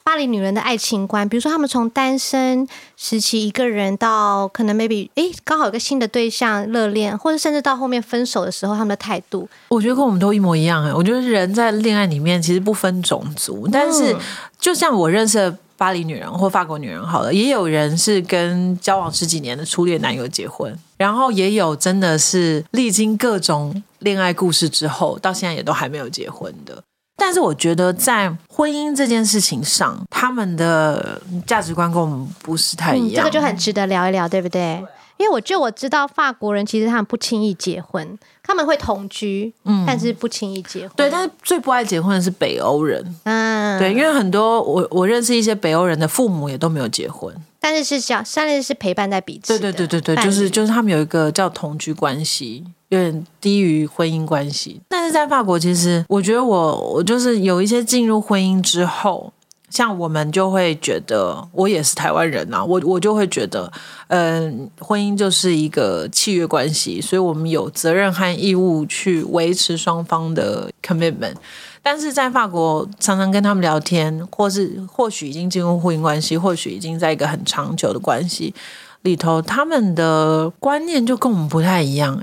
巴黎女人的愛情觀，比如說他們從單身時期一個人到可能 maybe 哎、欸、剛好有個新的對象熱戀，或者甚至到後面分手的時候，他們的態度，我覺得跟我們都一模一樣哎。我覺得人在戀愛裡面其實不分種族，但是就像我認識的巴黎女人或法國女人好了，也有人是跟交往十幾年的初戀男友結婚，然後也有真的是歷經各種戀愛故事之後，到現在也都還沒有結婚的。但是我覺得，在婚姻這件事情上，他們的價值觀跟我們不是太一樣。嗯，這個就很值得聊一聊，對不對？對，因為我就我知道，法國人其實他們不輕易結婚，他們會同居，嗯，但是不輕易結婚。對，但是最不愛結婚的是北歐人，嗯，對，因為很多我我認識一些北歐人的父母也都沒有結婚。但是是這樣，但是是陪伴在彼此。對對對對對，就是就是他們有一個叫同居關係，有點低於婚姻關係。但是在法國，其實我覺得我我就是有一些進入婚姻之後，像我們就會覺得，我也是台灣人吶、啊，我我就會覺得，嗯，婚姻就是一個契約關係，所以我們有責任和義務去維持雙方的 commitment。但是在法國，常常跟他們聊天，或是或許已經進入婚姻關係，或許已經在一個很長久的關係裡頭，他們的觀念就跟我們不太一樣，欸。誒，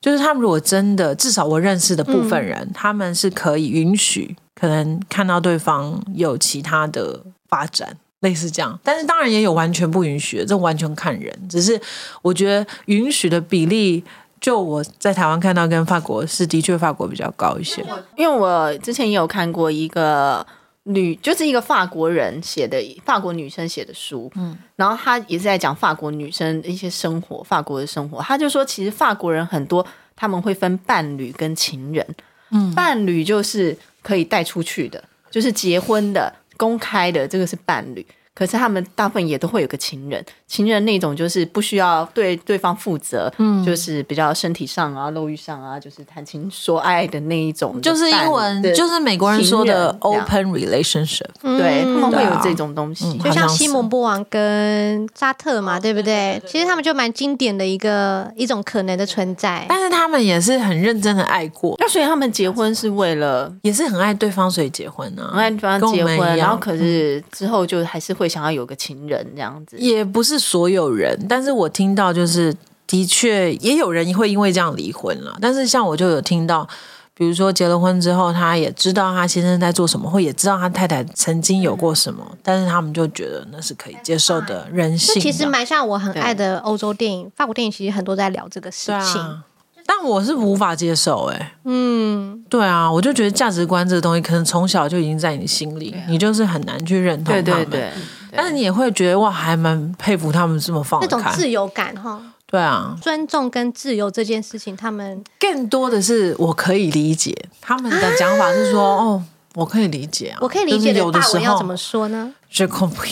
就是他們如果真的，至少我認識的部分人，嗯，他們是可以允許，可能看到對方有其他的發展，類似這樣。但是當然也有完全不允許的，這完全看人。只是我覺得允許的比例。就我在台灣看到跟法國是的確法國比較高一些，因為我之前也有看過一個女，就是一個法國人寫的法國女生寫的書，嗯，然後她也是在講法國女生一些生活，法國的生活，她就說其實法國人很多，他們會分伴侶跟情人，嗯，伴侶就是可以帶出去的，就是結婚的、公開的，這個是伴侶。可是他們大部分也都會有個情人，情人那種就是不需要對對方負責，嗯，就是比較身體上啊、肉欲上啊，就是談情說愛的那一種的的。就是英文，就是美國人說的 open relationship，、嗯、對他們會有這種東西。啊、就像西蒙波娃跟沙特嘛、嗯，對不對？其實他們就蠻經典的一個一種可能的存在。但是他們也是很認真的愛過，那所以他們結婚是為了，也是很愛對方，所以結婚啊，很愛對方結婚，然後可是之後就還是會。會想要有個情人這樣子，也不是所有人。但是我聽到，就是的確也有人會因為這樣離婚了。但是像我就有聽到，比如說結了婚之後，他也知道他先生在做什麼，或也知道他太太曾經有過什麼，嗯、但是他們就覺得那是可以接受的人性的。啊、其實蠻像我很愛的歐洲電影、法國電影，其實很多在聊這個事情、啊。但我是無法接受、欸，哎，嗯，對啊，我就覺得價值觀這個東西，可能從小就已經在你心裡，啊、你就是很難去認同他們。對對對。但是你也會覺得哇，還蠻佩服他們這麼放開那種自由感哈。對啊，尊重跟自由這件事情，他們更多的是我可以理解、啊、他們的講法是說哦，我可以理解啊，我可以理解。但是你要怎麼說呢，就是、麼說呢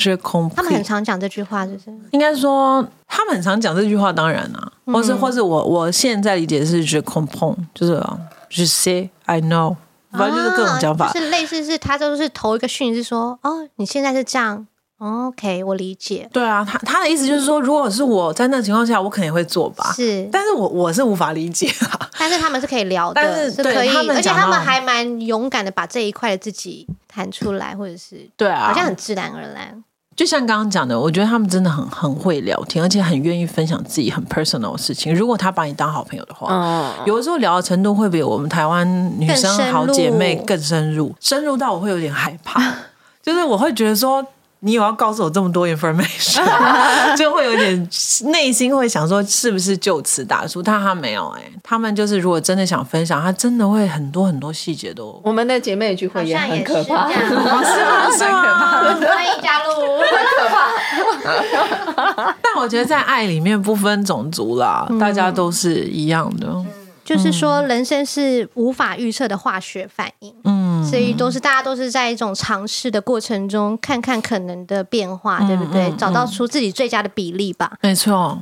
je comprends, 麼說他們很常講這句話是是，就是應該說他們很常講這句話，當然啦、啊嗯，或是或是我我現在理解的是是就是 say I know。反、啊、正就是各種講法，就是類似是他都是投一個訊息說，哦，你現在是這樣，OK，我理解。對啊，他他的意思就是說，如果是我在那個情況下，我肯定會做吧。是，但是我我是無法理解啊。但是他們是可以聊的，是，是可以，而且他們還蠻勇敢的把這一塊的自己談出來，或者是對啊，好像很自然而然。就像剛剛講的，我覺得他們真的很很會聊天，而且很願意分享自己很 personal 的事情。如果他把你當好朋友的話，嗯、有的時候聊的程度會比我們台灣女生好姐妹更深入，深入，深入到我會有點害怕， 就是我會覺得說。你有要告訴我這麼多 information， 就會有點內心會想說是不是就此打住？但他沒有、欸，哎，他們就是如果真的想分享，他真的會很多很多細節都。我們的姐妹聚會也很可怕，是嗎？很可怕，歡迎加入，很可怕。但我覺得在愛裡面不分種族啦， 大家都是一樣的。就是說，人生是無法預測的化學反應，嗯，所以都是大家都是在一種嘗試的過程中，看看可能的變化，嗯，對不對？找到出自己最佳的比例吧。沒、嗯、錯，嗯，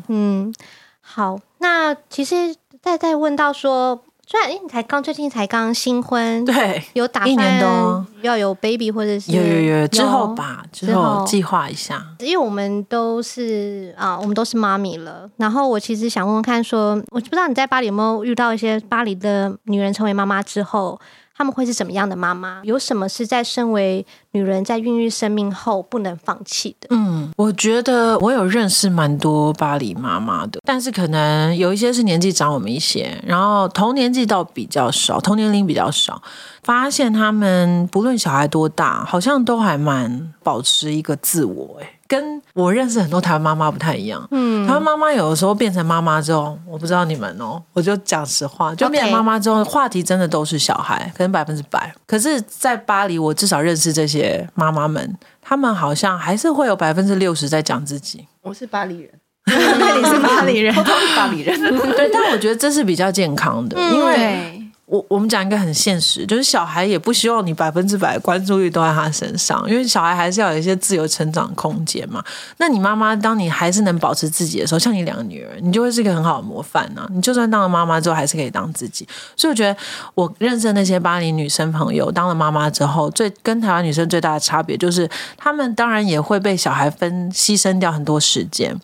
嗯錯，好，那其實戴在問到說。雖然、欸、你才剛最近才剛新婚，對，有打算要有 baby 或者是有有有，有之後吧，之後計劃一下。因為我們都是啊，我們都是媽咪了。然後我其實想問問看說，說我不知道你在巴黎有沒有遇到一些巴黎的女人成為媽媽之後。他們會是怎麼樣的媽媽？有什麼是在身為女人在孕育生命後不能放棄的？嗯，我覺得我有認識蠻多巴黎媽媽的，但是可能有一些是年紀長我們一些，然後同年紀倒比較少，同年齡比較少。發現他們不論小孩多大，好像都還蠻保持一個自我，哎，跟我認識很多台灣媽媽不太一樣。嗯，台灣媽媽有的時候變成媽媽之後，我不知道你們哦，我就講實話，就變成媽媽之後，okay. 話題真的都是小孩，可能百分之百。可是，在巴黎，我至少認識這些媽媽們，他們好像還是會有百分之六十在講自己。我是巴黎人，那 你是巴黎人，我是巴黎人。對，但我覺得這是比較健康的，嗯，因為。我我們講一個很現實，就是小孩也不希望你百分之百關注力都在他身上，因為小孩還是要有一些自由成長空間嘛。那你媽媽當你還是能保持自己的時候，像你兩個女兒，你就會是一個很好的模範呢、啊。你就算當了媽媽之後，還是可以當自己。所以我覺得我認識的那些巴黎女生朋友，當了媽媽之後，最跟台灣女生最大的差別就是，她們當然也會被小孩分犧牲掉很多時間。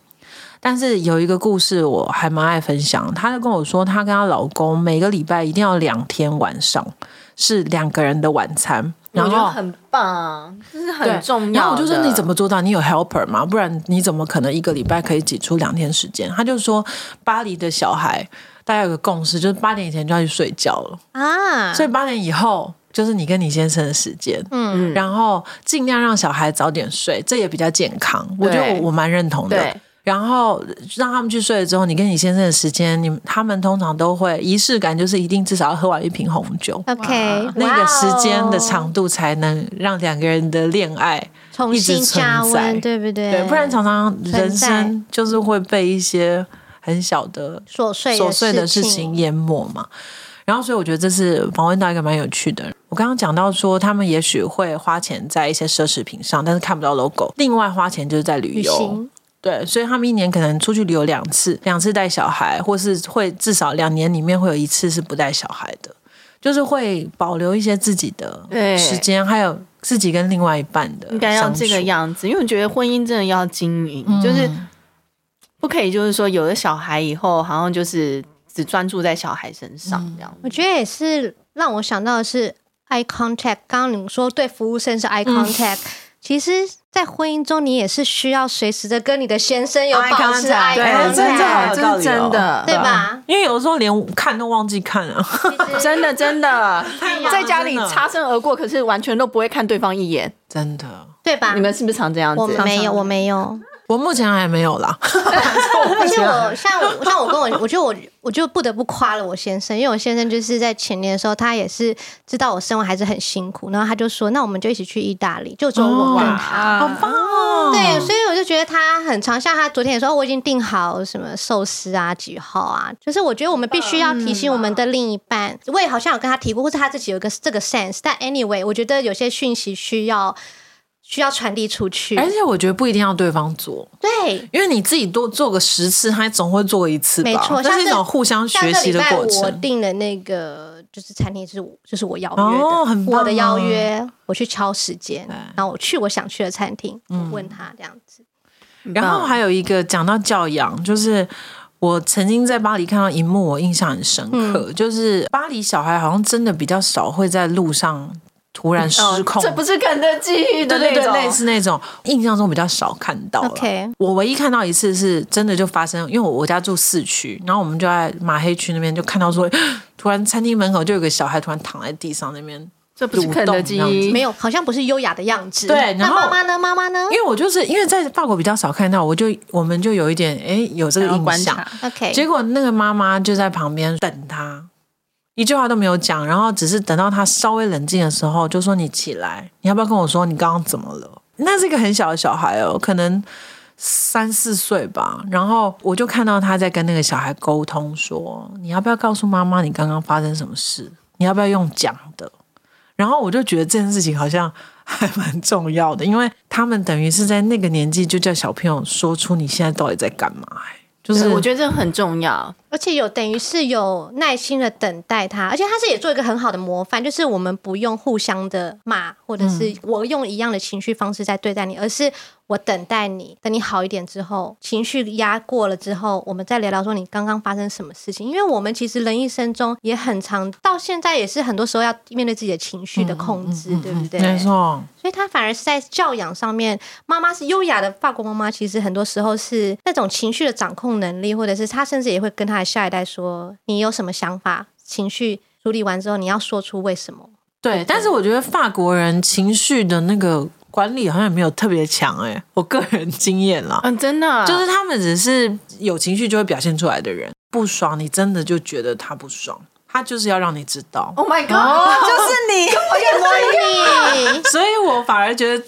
但是有一個故事，我還蠻愛分享。她就跟我說，她跟她老公每個禮拜一定要兩天晚上是兩個人的晚餐，然後我覺得很棒，這是很重要。然後我就說，你怎麼做到？你有 helper 嗎？不然你怎麼可能一個禮拜可以擠出兩天時間？她就說，巴黎的小孩大家有個共識，就是八點以前就要去睡覺了啊。所以八點以後就是你跟你先生的時間。嗯，然後盡量讓小孩早點睡，這也比較健康。我覺得我我蠻認同的。然後讓他們去睡了之後，你跟你先生的時間，你他們通常都會儀式感，就是一定至少要喝完一瓶紅酒。OK，啊，那個時間的長度才能讓兩個人的戀愛一直存在、重新加溫，對不對？對，不然常常人生就是會被一些很小的瑣碎瑣碎的事情淹沒嘛。然後，所以我覺得這次訪問到一個蠻有趣的。我剛剛講到說，他們也許會花錢在一些奢侈品上，但是看不到 logo，另外花錢就是在旅遊。旅行。對，所以他們一年可能出去旅遊兩次，兩次帶小孩，或是會至少兩年裡面會有一次是不帶小孩的，就是會保留一些自己的時間，對，還有自己跟另外一半的應該要這個樣子，因為我覺得婚姻真的要經營、嗯，就是不可以就是說有了小孩以後，好像就是只專注在小孩身上、嗯、這樣。我覺得也是讓我想到的是 eye contact，剛剛你說對服務生是 eye contact、嗯。其實，在婚姻中，你也是需要隨時的跟你的先生有保持 eye contact、欸，真的、哦，真是真的，對吧？因為有的時候連看都忘記看了，真的，真的，在家裡擦身而過，可是完全都不會看對方一眼，真的，對吧？你們是不是常這樣子？我沒有，我沒有。我目前還沒有啦 。 而且我像我像我跟我，我覺得我我就不得不誇了我先生，因為我先生就是在前年的時候，他也是知道我生完孩子很辛苦，然後他就說，那我們就一起去意大利，就只有我跟他，好棒哦。對，所以我就覺得他很常，像他昨天也說，我已經訂好什麼壽司啊、幾號啊，就是我覺得我們必須要提醒我們的另一半，我也好像有跟他提過，或是他自己有一個這個 sense。但 anyway，我覺得有些訊息需要。需要傳遞出去，而且我覺得不一定要對方做，對，因為你自己多做個十次，他總會做一次吧，沒錯，這是一種互相學習的過程。上禮拜我訂了那個就是餐廳，是就是我邀約的，哦，很棒哦，我的邀約，我去敲時間，然後我去我想去的餐廳，嗯、問他這樣子。然後還有一個講、嗯、到教養，就是我曾經在巴黎看到一幕，我印象很深刻，嗯，就是巴黎小孩好像真的比較少會在路上，突然失控，嗯，這不是肯德基對對對。類似那種印象中比較少看到。OK，我唯一看到一次是真的就發生，因為我家住市區，然後我們就在馬黑區那邊就看到說，突然餐廳門口就有個小孩突然躺在地上那邊，這不是肯德基，沒有，好像不是優雅的樣子。對，然後。媽媽呢？媽媽呢？因為我就是因為在法國比較少看到，我就我們就有一點哎有這個印象。OK，結果那個媽媽就在旁邊等他。一句話都沒有講，然後只是等到他稍微冷靜的時候，就說：“你起來，你要不要跟我說你剛剛怎麼了？”那是一個很小的小孩哦，可能三四歲吧。然後我就看到他在跟那個小孩溝通，說：“你要不要告訴媽媽你剛剛發生什麼事？你要不要用講的？”然後我就覺得這件事情好像還蠻重要的，因為他們等於是在那個年紀就叫小朋友說出你現在到底在幹嘛。就是我覺得這個很重要，嗯，而且有等於是有耐心的等待他，而且他是也做一個很好的模範，就是我們不用互相的罵，或者是我用一樣的情緒方式在對待你，而是，我等待你，等你好一點之後，情緒壓過了之後，我們再聊聊說你剛剛發生什麼事情。因為我們其實人一生中也很長，到現在也是很多時候要面對自己的情緒的控制，嗯、對不對？沒錯。所以他反而是在教養上面，媽媽是優雅的法國媽媽，其實很多時候是那種情緒的掌控能力，或者是她甚至也會跟她的下一代說：“你有什麼想法？情緒處理完之後，你要說出為什麼。對”對、OK，但是我覺得法國人情緒的那個。管理好像也沒有特別強哎，我個人經驗啦，嗯、哦，真的，就是他們只是有情緒就會表現出來的人，不爽你真的就覺得他不爽，他就是要讓你知道，Oh my God，、哦、就是你，我也是你， 所以我反而覺得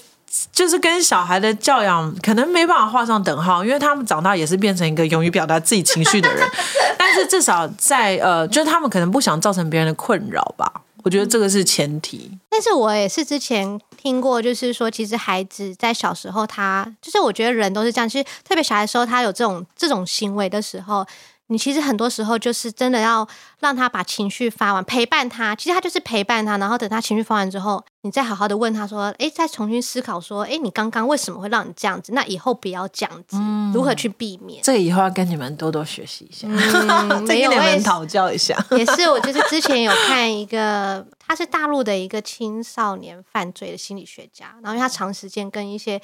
就是跟小孩的教養可能沒辦法畫上等號，因為他們長大也是變成一個勇於表達自己情緒的人， 但是至少在呃，就是他們可能不想造成別人的困擾吧。我覺得這個是前提。嗯，但是我也是之前聽過，就是說，其實孩子在小時候他，他就是我覺得人都是這樣，其實特別小孩的時候，他有這種這種行為的時候。你其實很多時候就是真的要讓他把情緒发完，陪伴他。其實他就是陪伴他，然後等他情緒发完之後，你再好好的問他說：“哎，再重新思考說，哎，你剛剛為什麼會讓你這樣子？那以後不要這樣子，嗯、如何去避免？”這以後要跟你們多多學習一下，跟、嗯、沒有、 你們討教一下。也是，我就是之前有看一個， 他是大陸的一個青少年犯罪的心理學家，然後因為他長時間跟一些。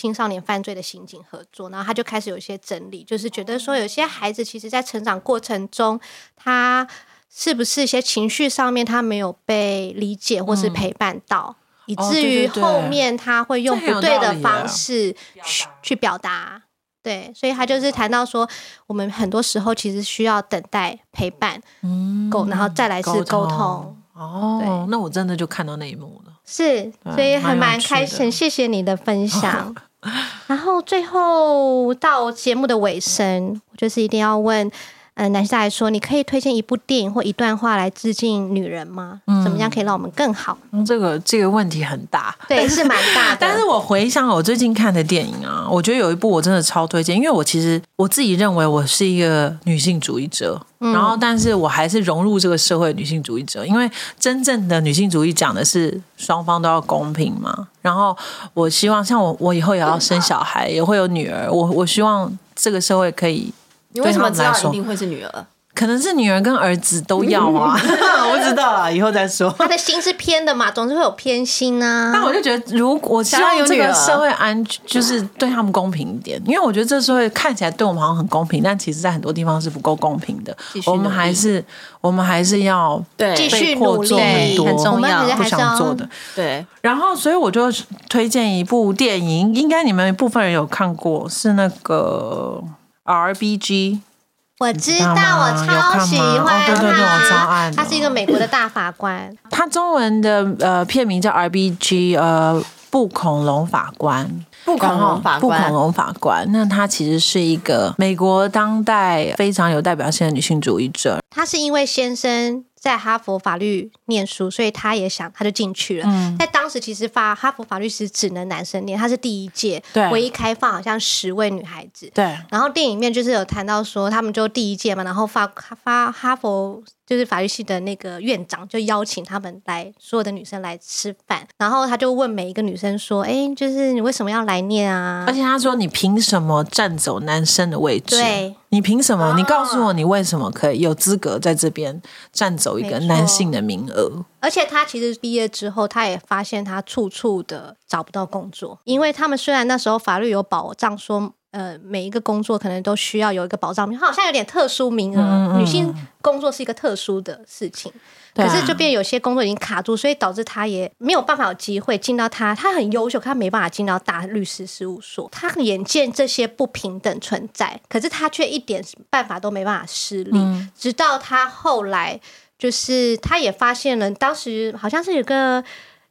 青少年犯罪的刑警合作，然後他就開始有一些整理，就是覺得說有些孩子其實，在成長過程中、哦，他是不是一些情緒上面他沒有被理解或是陪伴到，嗯、以至於後面他會用不對的方式去、哦、對對對去，表去表達。對，所以他就是談到說，我們很多時候其實需要等待陪伴、嗯，然後再來是溝通、通。哦，那我真的就看到那一幕了。是，所以很蠻開心，謝謝你的分享。 然後最後到節目的尾聲，我就是一定要問。嗯，男下來說，你可以推薦一部電影或一段話來致敬女人嗎？怎、嗯、麼樣可以讓我們更好？嗯，這個這個問題很大，對，是蠻大的。但是我回想我最近看的電影啊，我覺得有一部我真的超推薦，因為我其實我自己認為我是一個女性主義者，嗯、然後但是我還是融入這個社會的女性主義者，因為真正的女性主義講的是雙方都要公平嘛。然後我希望像我，我以後也要生小孩，嗯啊、也會有女兒，我我希望這個社會可以。你為什麼這樣一定會是女兒？可能是女兒跟兒子都要啊。 我不知道啊，以後再說。他的心是偏的嘛，總是會有偏心啊。 但我就覺得，如果希望這個社會安，就是對他們公平一點。嗯，因為我覺得，這社會看起來對我們好像很公平，但其實，在很多地方是不夠公平的。我們還是，我們還是要繼續做很多，很重要。我不想做的。對。然後，所以我就推薦一部電影，應該你們部分人有看過，是那個。R B G，我知道，知道我超喜歡他，oh, 對對對我超愛。他是一個美國的大法官。 他中文的呃片名叫 R B G，呃，不恐龍法官，不恐龍法官，不恐，恐龍法官。那他其實是一個美國當代非常有代表性的女性主義者。他是因為先生。在哈佛法律念書，所以他也想，他就進去了。嗯，在當時，其實發哈佛法律是只能男生念，他是第一屆，對，唯一開放，好像十位女孩子。對。然後電影裡面就是有談到說，他們就第一屆嘛，然後發發哈佛。就是法律系的那個院長，就邀請他們來，所有的女生來吃飯。然後他就問每一個女生說：“哎、欸，就是你為什麼要來念啊？而且他說你憑什麼佔走男生的位置？對，你憑什麼？Oh. 你告訴我，你為什麼可以有資格在這邊佔走一個男性的名額？而且他其實畢業之後，他也發現他處處的找不到工作，因為他們雖然那時候法律有保障說。”呃，每一個工作可能都需要有一個保障名額，好像有點特殊名額。嗯嗯嗯，女性工作是一個特殊的事情，嗯嗯，可是就變有些工作已經卡住，所以導致她也沒有辦法有機會進到她。她很優秀，她沒辦法進到大律師事務所。她很眼見這些不平等存在，可是她卻一點辦法都沒辦法施力。嗯、直到她後來，就是她也發現了，當時好像是有個。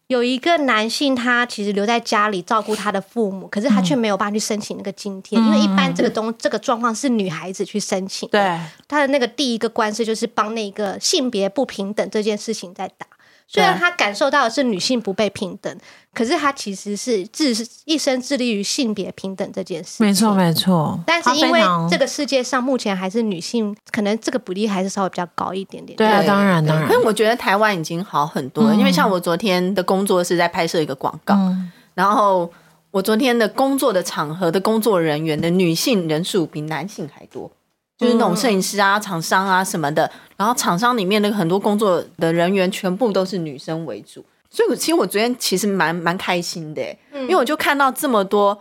有一個男性，他其實留在家裡照顧他的父母，可是他卻沒有辦法去申請那個津貼，嗯、因為一般這個東這個狀況是女孩子去申請。對、嗯，他的那個第一個官司就是幫那個性別不平等這件事情在打。雖然他感受到的是女性不被平等，可是他其實是自，一生致力於性別平等這件事。沒錯，沒錯。但是因為這個世界上目前還是女性，啊、可能這個比例還是稍微比較高一點點。對啊，當然當然。因為我覺得台灣已經好很多了，嗯，因為像我昨天的工作是在拍攝一個廣告，嗯，然後我昨天的工作的場合的工作人員的女性人數比男性還多。就是那種攝影師啊、嗯、廠商啊什麼的，然後廠商裡面那個很多工作的人員全部都是女生為主，所以我其實我昨天其實蠻蠻開心的、嗯，因為我就看到這麼多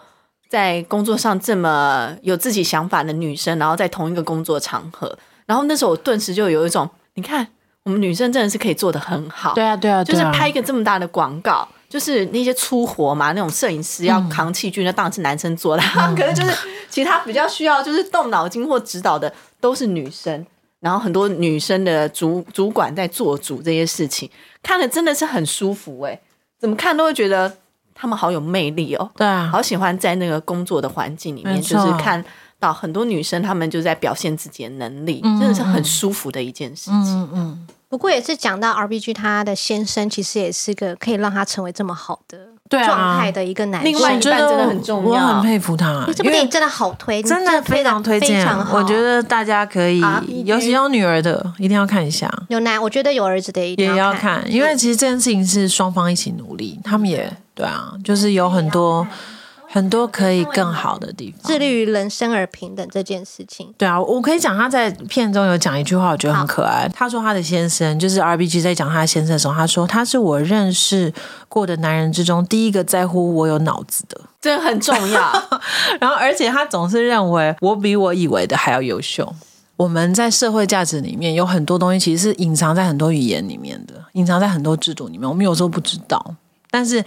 在工作上這麼有自己想法的女生，然後在同一個工作場合，然後那時候我頓時就有一種，你看我們女生真的是可以做得很好，對啊對啊，就是拍一個這麼大的廣告。就是那些粗活嘛，那種攝影師要扛器具，那、嗯、當然是男生做的、嗯。可能就是其他比較需要，就是動腦筋或指導的都是女生。然後很多女生的主主管在做主這些事情，看的真的是很舒服哎、欸。怎麼看都會覺得他們好有魅力哦、喔。對啊，好喜歡在那個工作的環境裡面，就是看到很多女生，她們就在表現自己的能力，真的是很舒服的一件事情。嗯，嗯。嗯嗯。不過也是講到 RBG 他的先生其實也是個可以讓他成為這麼好的狀態的一個男生、啊，另外覺得我一半真的很重要，我很佩服他、啊。這部電影真的好推，真的,推薦真的非常推薦，我覺得大家可以，啊、尤其有女兒的一定要看一下、啊一。有男，我覺得有兒子的一定要也要看，因為其實這件事情是雙方一起努力，他們也對啊，就是有很多。很多可以更好的地方，致力於人生而平等這件事情。對啊，我可以講，他在片中有講一句話，我覺得很可愛。他說他的先生，就是 RBG 在講他的先生的時候，他說他是我認識過的男人之中第一個在乎我有腦子的，這很重要。 然後，而且他總是認為我比我以為的還要優秀。我們在社會價值裡面有很多東西，其實是隱藏在很多語言裡面的，隱藏在很多制度裡面，我們有時候不知道，但是。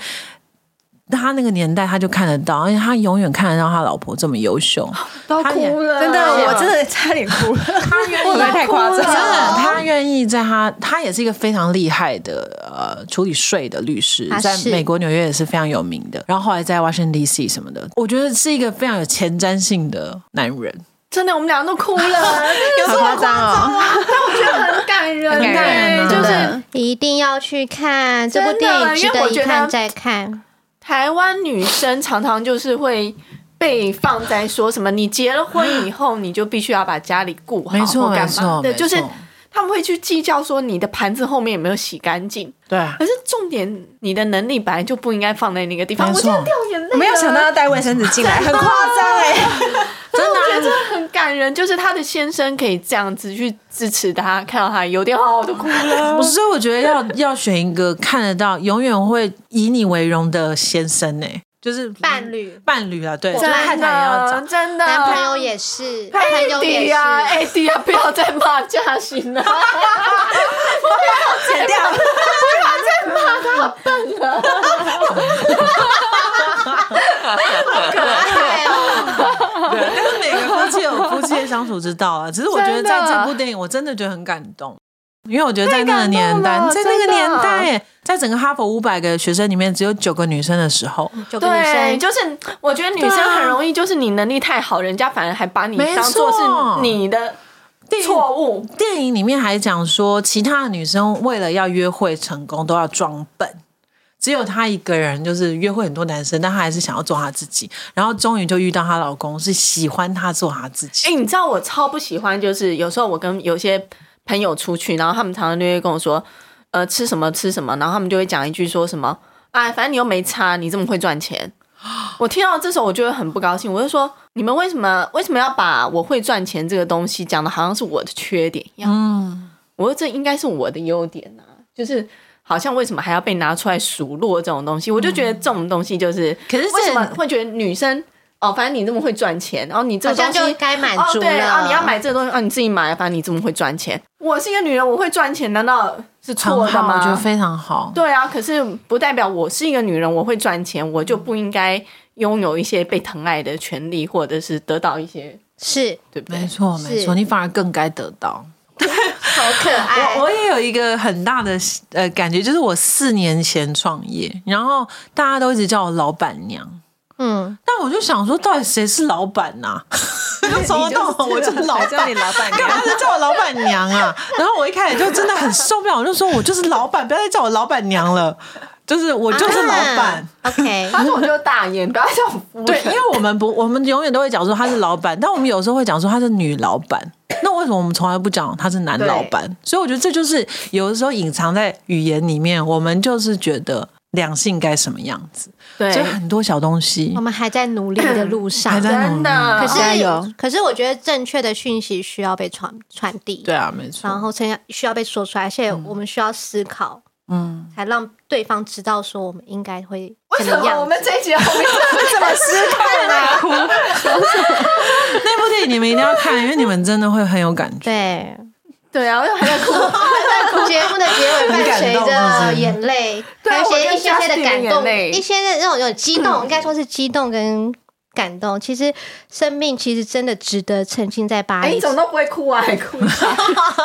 他那個年代，他就看得到，而且他永遠看得到他老婆這麼優秀，都哭了他。真的，我真的差點哭了。 他願意太誇張了，了他願意在他，他也是一個非常厲害的呃，處理稅的律師，啊、在美國紐約也是非常有名的。然後後來在 Washington D.C. 什麼的，我覺得是一個非常有前瞻性的男人。真的，我們兩個都哭了，好誇張啊！但我覺得很感人。啊， 很感人，啊就是，一定要去看這部電影，值得一看再看。台灣女生常常就是會被放在說什麼？你結了婚以後，你就必須要把家裡顧好或幹嘛，沒錯，沒錯，對，就是他們會去計較說你的盤子後面有沒有洗乾淨，對。可是重點，你的能力本來就不應該放在那個地方。我這樣掉眼淚，沒有想到要帶衛生紙進來，很誇張哎。 真的、啊，真的很感人，就是他的先生可以這樣子去支持他，看到他有點好，好的哭了、啊。所 以我覺得要要選一個看得到，永遠會以你為榮的先生呢、欸，就是伴侶，伴侶，伴侶啊，對，真的、就是、要真的男朋友也是，男朋友也是，哎呀，哎、欸、呀，不要再罵嘉欣了，我要剪掉，不要再罵他，他好笨了、啊。 好可愛、欸。 對，但是每個夫妻有夫妻的相處之道啊。只是我覺得在這部電影，我真的覺得很感動，因為我覺得在那個年代，在那個年代，在整個哈佛五百個學生裡面只有九個女生的時候，9個女生，對，就是我覺得女生很容易就是你能力太好，人家反而還把你當做是你的錯誤。電影裡面還講說，其他的女生為了要約會成功，都要裝笨。只有她一個人，就是約會很多男生，但她還是想要做她自己。然後終於就遇到她老公，是喜歡她做她自己。哎、欸，你知道我超不喜歡，就是有時候我跟有些朋友出去，然後他們常常就會跟我說，呃，吃什麼吃什麼。然後他們就會講一句說什麼，哎，反正你又沒差，你這麼會賺錢。我聽到這時候，我就很不高興，我就說，你們為什麼為什麼要把我會賺錢這個東西講得好像是我的缺點一樣、嗯？我說這應該是我的優點啊，就是。好像為什麼還要被拿出來數落這種東西、嗯？我就覺得這種東西就是，可是為什麼會覺得女生哦，反正你這麼會賺錢，然、哦、後你這個東西該滿足了、哦、對啊！你要買這個東西啊，你自己買。反正你這麼會賺錢，我是一個女人，我會賺錢，難道是錯的嗎？我覺得非常好。對啊，可是不代表我是一個女人，我會賺錢，我就不應該擁有一些被疼愛的權利，或者是得到一些是，對不對？沒錯，沒錯，你反而更該得到。 好可愛、啊！我我也有一個很大的呃感覺，就是我四年前創業，然後大家都一直叫我老闆娘。嗯，但我就想說，到底誰是老闆吶、啊？嗯、 你就是我就懂，我真的老叫你老闆，幹嘛就叫我老闆娘啊？ 然後我一開始就真的很受不了，我就說我就是老闆，不要再叫我老闆娘了，就是我就是老闆、啊。OK， 他說我就大爺，不要叫我夫人。 對，因為我們不，我們永遠都會講說他是老闆，但我們有時候會講說他是女老闆。 那為什麼我們從來不講他是男老闆？所以我覺得這就是有的時候隱藏在語言裡面，我們就是覺得兩性該什麼樣子，對，就很多小東西。我們還在努力的路上， 真的。可是、哦、可是我覺得正確的訊息需要被傳傳遞，對啊，沒錯。然後需要被說出來，而且我們需要思考。嗯嗯，才讓對方知道說我們應該會怎麼樣，嗯？我們這一集我們怎麼失控了？ 那部電影你們一定要看，因為你們真的會很有感覺。對，對啊，我又在哭，在哭。節目的結尾伴隨著眼淚，啊，對，還一些一些的感動，一些那種有激動，嗯，應該說是激動跟。感動，其實生命其實真的值得沉浸在巴黎、欸。你怎麼都不會哭啊？還哭？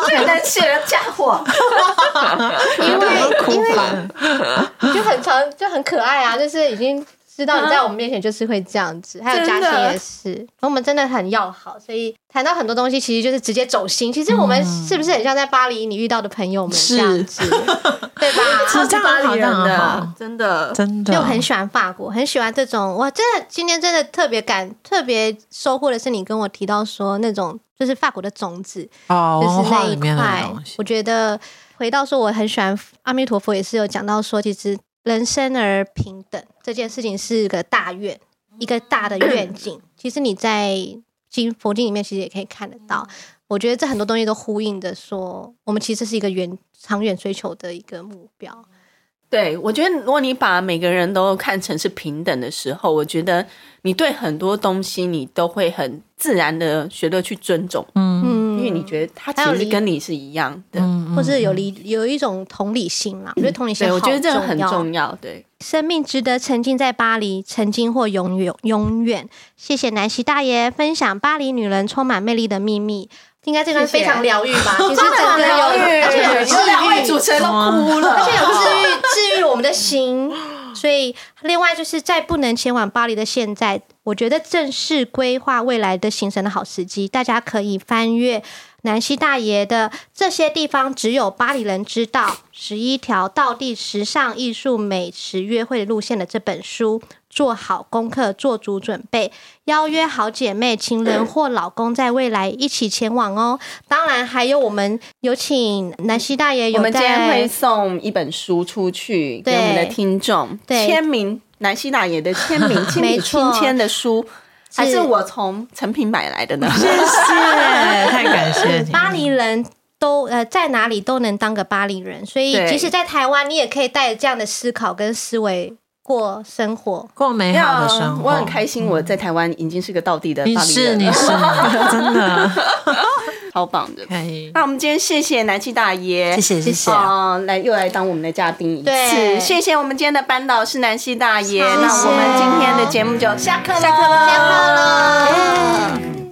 最在寫人家伙，因為 因為， 因為 就很長就很可愛啊，就是已經。知道你在我們面前就是會這樣子，嗯、還有嘉欣也是，我們真的很要好，所以談到很多東西，其實就是直接走心。其實我們是不是很像在巴黎你遇到的朋友們這樣子？是、嗯，對吧？好像 巴黎人的，真的真的就很喜歡法國，很喜歡這種。我真的今天真的特別感，特別收穫的是你跟我提到說那種就是法國的種子，哦，就是那一塊、哦、裡面的東西。我覺得回到說，我很喜歡阿彌陀佛，也是有講到說，其實。人生而平等這件事情是一個大願，一個大的願景。 其實你在經佛經裡面其實也可以看得到。我覺得這很多東西都呼應着說，我們其實是一個遠長遠追求的一個目標。對，我覺得如果你把每個人都看成是平等的時候，我覺得你對很多東西你都會很自然的學得去尊重。嗯。嗯、你覺得他其實跟你是一樣的，或者有理，嗯嗯是有，理有一種同理心嘛、嗯就是。我覺得同理心我覺得這個很重要。對，生命值得曾經在巴黎，曾經或永遠永遠。謝謝南西大爺分享巴黎女人充滿魅力的秘密，應該這段非常療癒吧？其實真的療癒，而且有治癒主持人都哭了，而且有治癒 治癒我們的心。所以，另外就是在不能前往巴黎的現在，我覺得正是規劃未來的行程的好時機，大家可以翻閱。南西大爺的這些地方只有巴黎人知道，十一條道地時尚、藝術、美食、約會路線的這本書，做好功課，做足準備，邀約好姐妹、情人或老公，在未來一起前往哦。嗯，當然，還有我們有請南西大爺，我們今天會送一本書出去給我們的聽眾，簽名，南西大爺的簽名，親自簽的書。還是我從成品買來的呢？謝謝，太感謝。巴黎人都，呃，在哪裡都能當個巴黎人，所以即使在台灣，你也可以帶着這樣的思考跟思維。過生活，過美好的生活。Yeah, 我很開心，我在台灣已經是個道地的巴黎人了，嗯。你是你是，你是，真的， 超棒的。可以。那我們今天謝謝南西大爺，謝謝謝謝。啊、哦，來又來當我們的嘉賓一次。對，謝謝我們今天的班導師是南西大爺。那我們今天的節目就下課了，下課了，下課了。